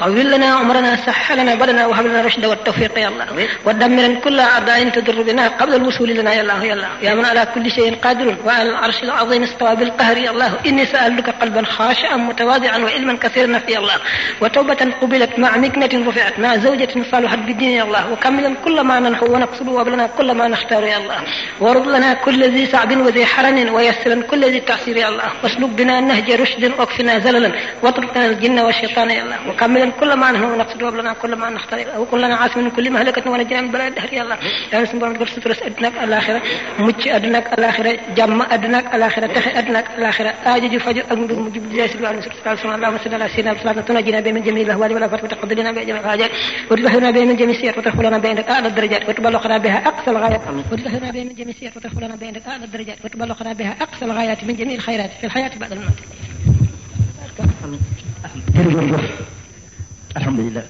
طول لنا عمرنا سهل لنا بدنا وهب لنا رشد والتوفيق يا الله ودمر كل اعداء تضر بنا قبل الوصول لنا يا الله يا الله يا من على كل شيء قادر وعلى العرش العظيم استوى بالقهر يا الله اني سالتك قلبا خاشعا متواضعا وعلما كثيرا في الله وتوبه قبلت مع مكنه رفعت مع زوجه صالحت بالدين يا الله وكملا كل ما ننحو ونقصد وابلنا كل ما نختار يا الله وارض لنا كل ذي صعب وذي حرم ويسرا كل ذي تعسير يا الله واسلك بنا نهج رشد واكفنا زللا واترك لنا الجن والشيطان يا الله وكملا عليهم كل ما نهوا نقصد وابلنا كل ما نختار وكلنا عاصم من كل مهلكة ولا جنان بلا دهر يلا yàlla suñu borom di ko sutura si àddina ak alaxira mucc àddina ak alaxira jàmm àddina ak alaxira texe àddina ak alaxira aajo ji faju ak ndur mu jub di si wàllu sutura sama allahumma salli ala sayyidina sallallahu alayhi wa sallam jina bi min jami'i lahwali wala fatwa taqaddina bi jami'i hajat wa tudhhirna bi min jami'i siyat wa tahfulana bi indak a'la darajat wa tuballighuna biha aqsal ghayat wa tudhhirna bi min jami'i siyat wa tahfulana bi indak a'la darajat wa tuballighuna biha aqsal ghayat min jami'i al khairat fi al hayat ba'da al maut alhamdulilah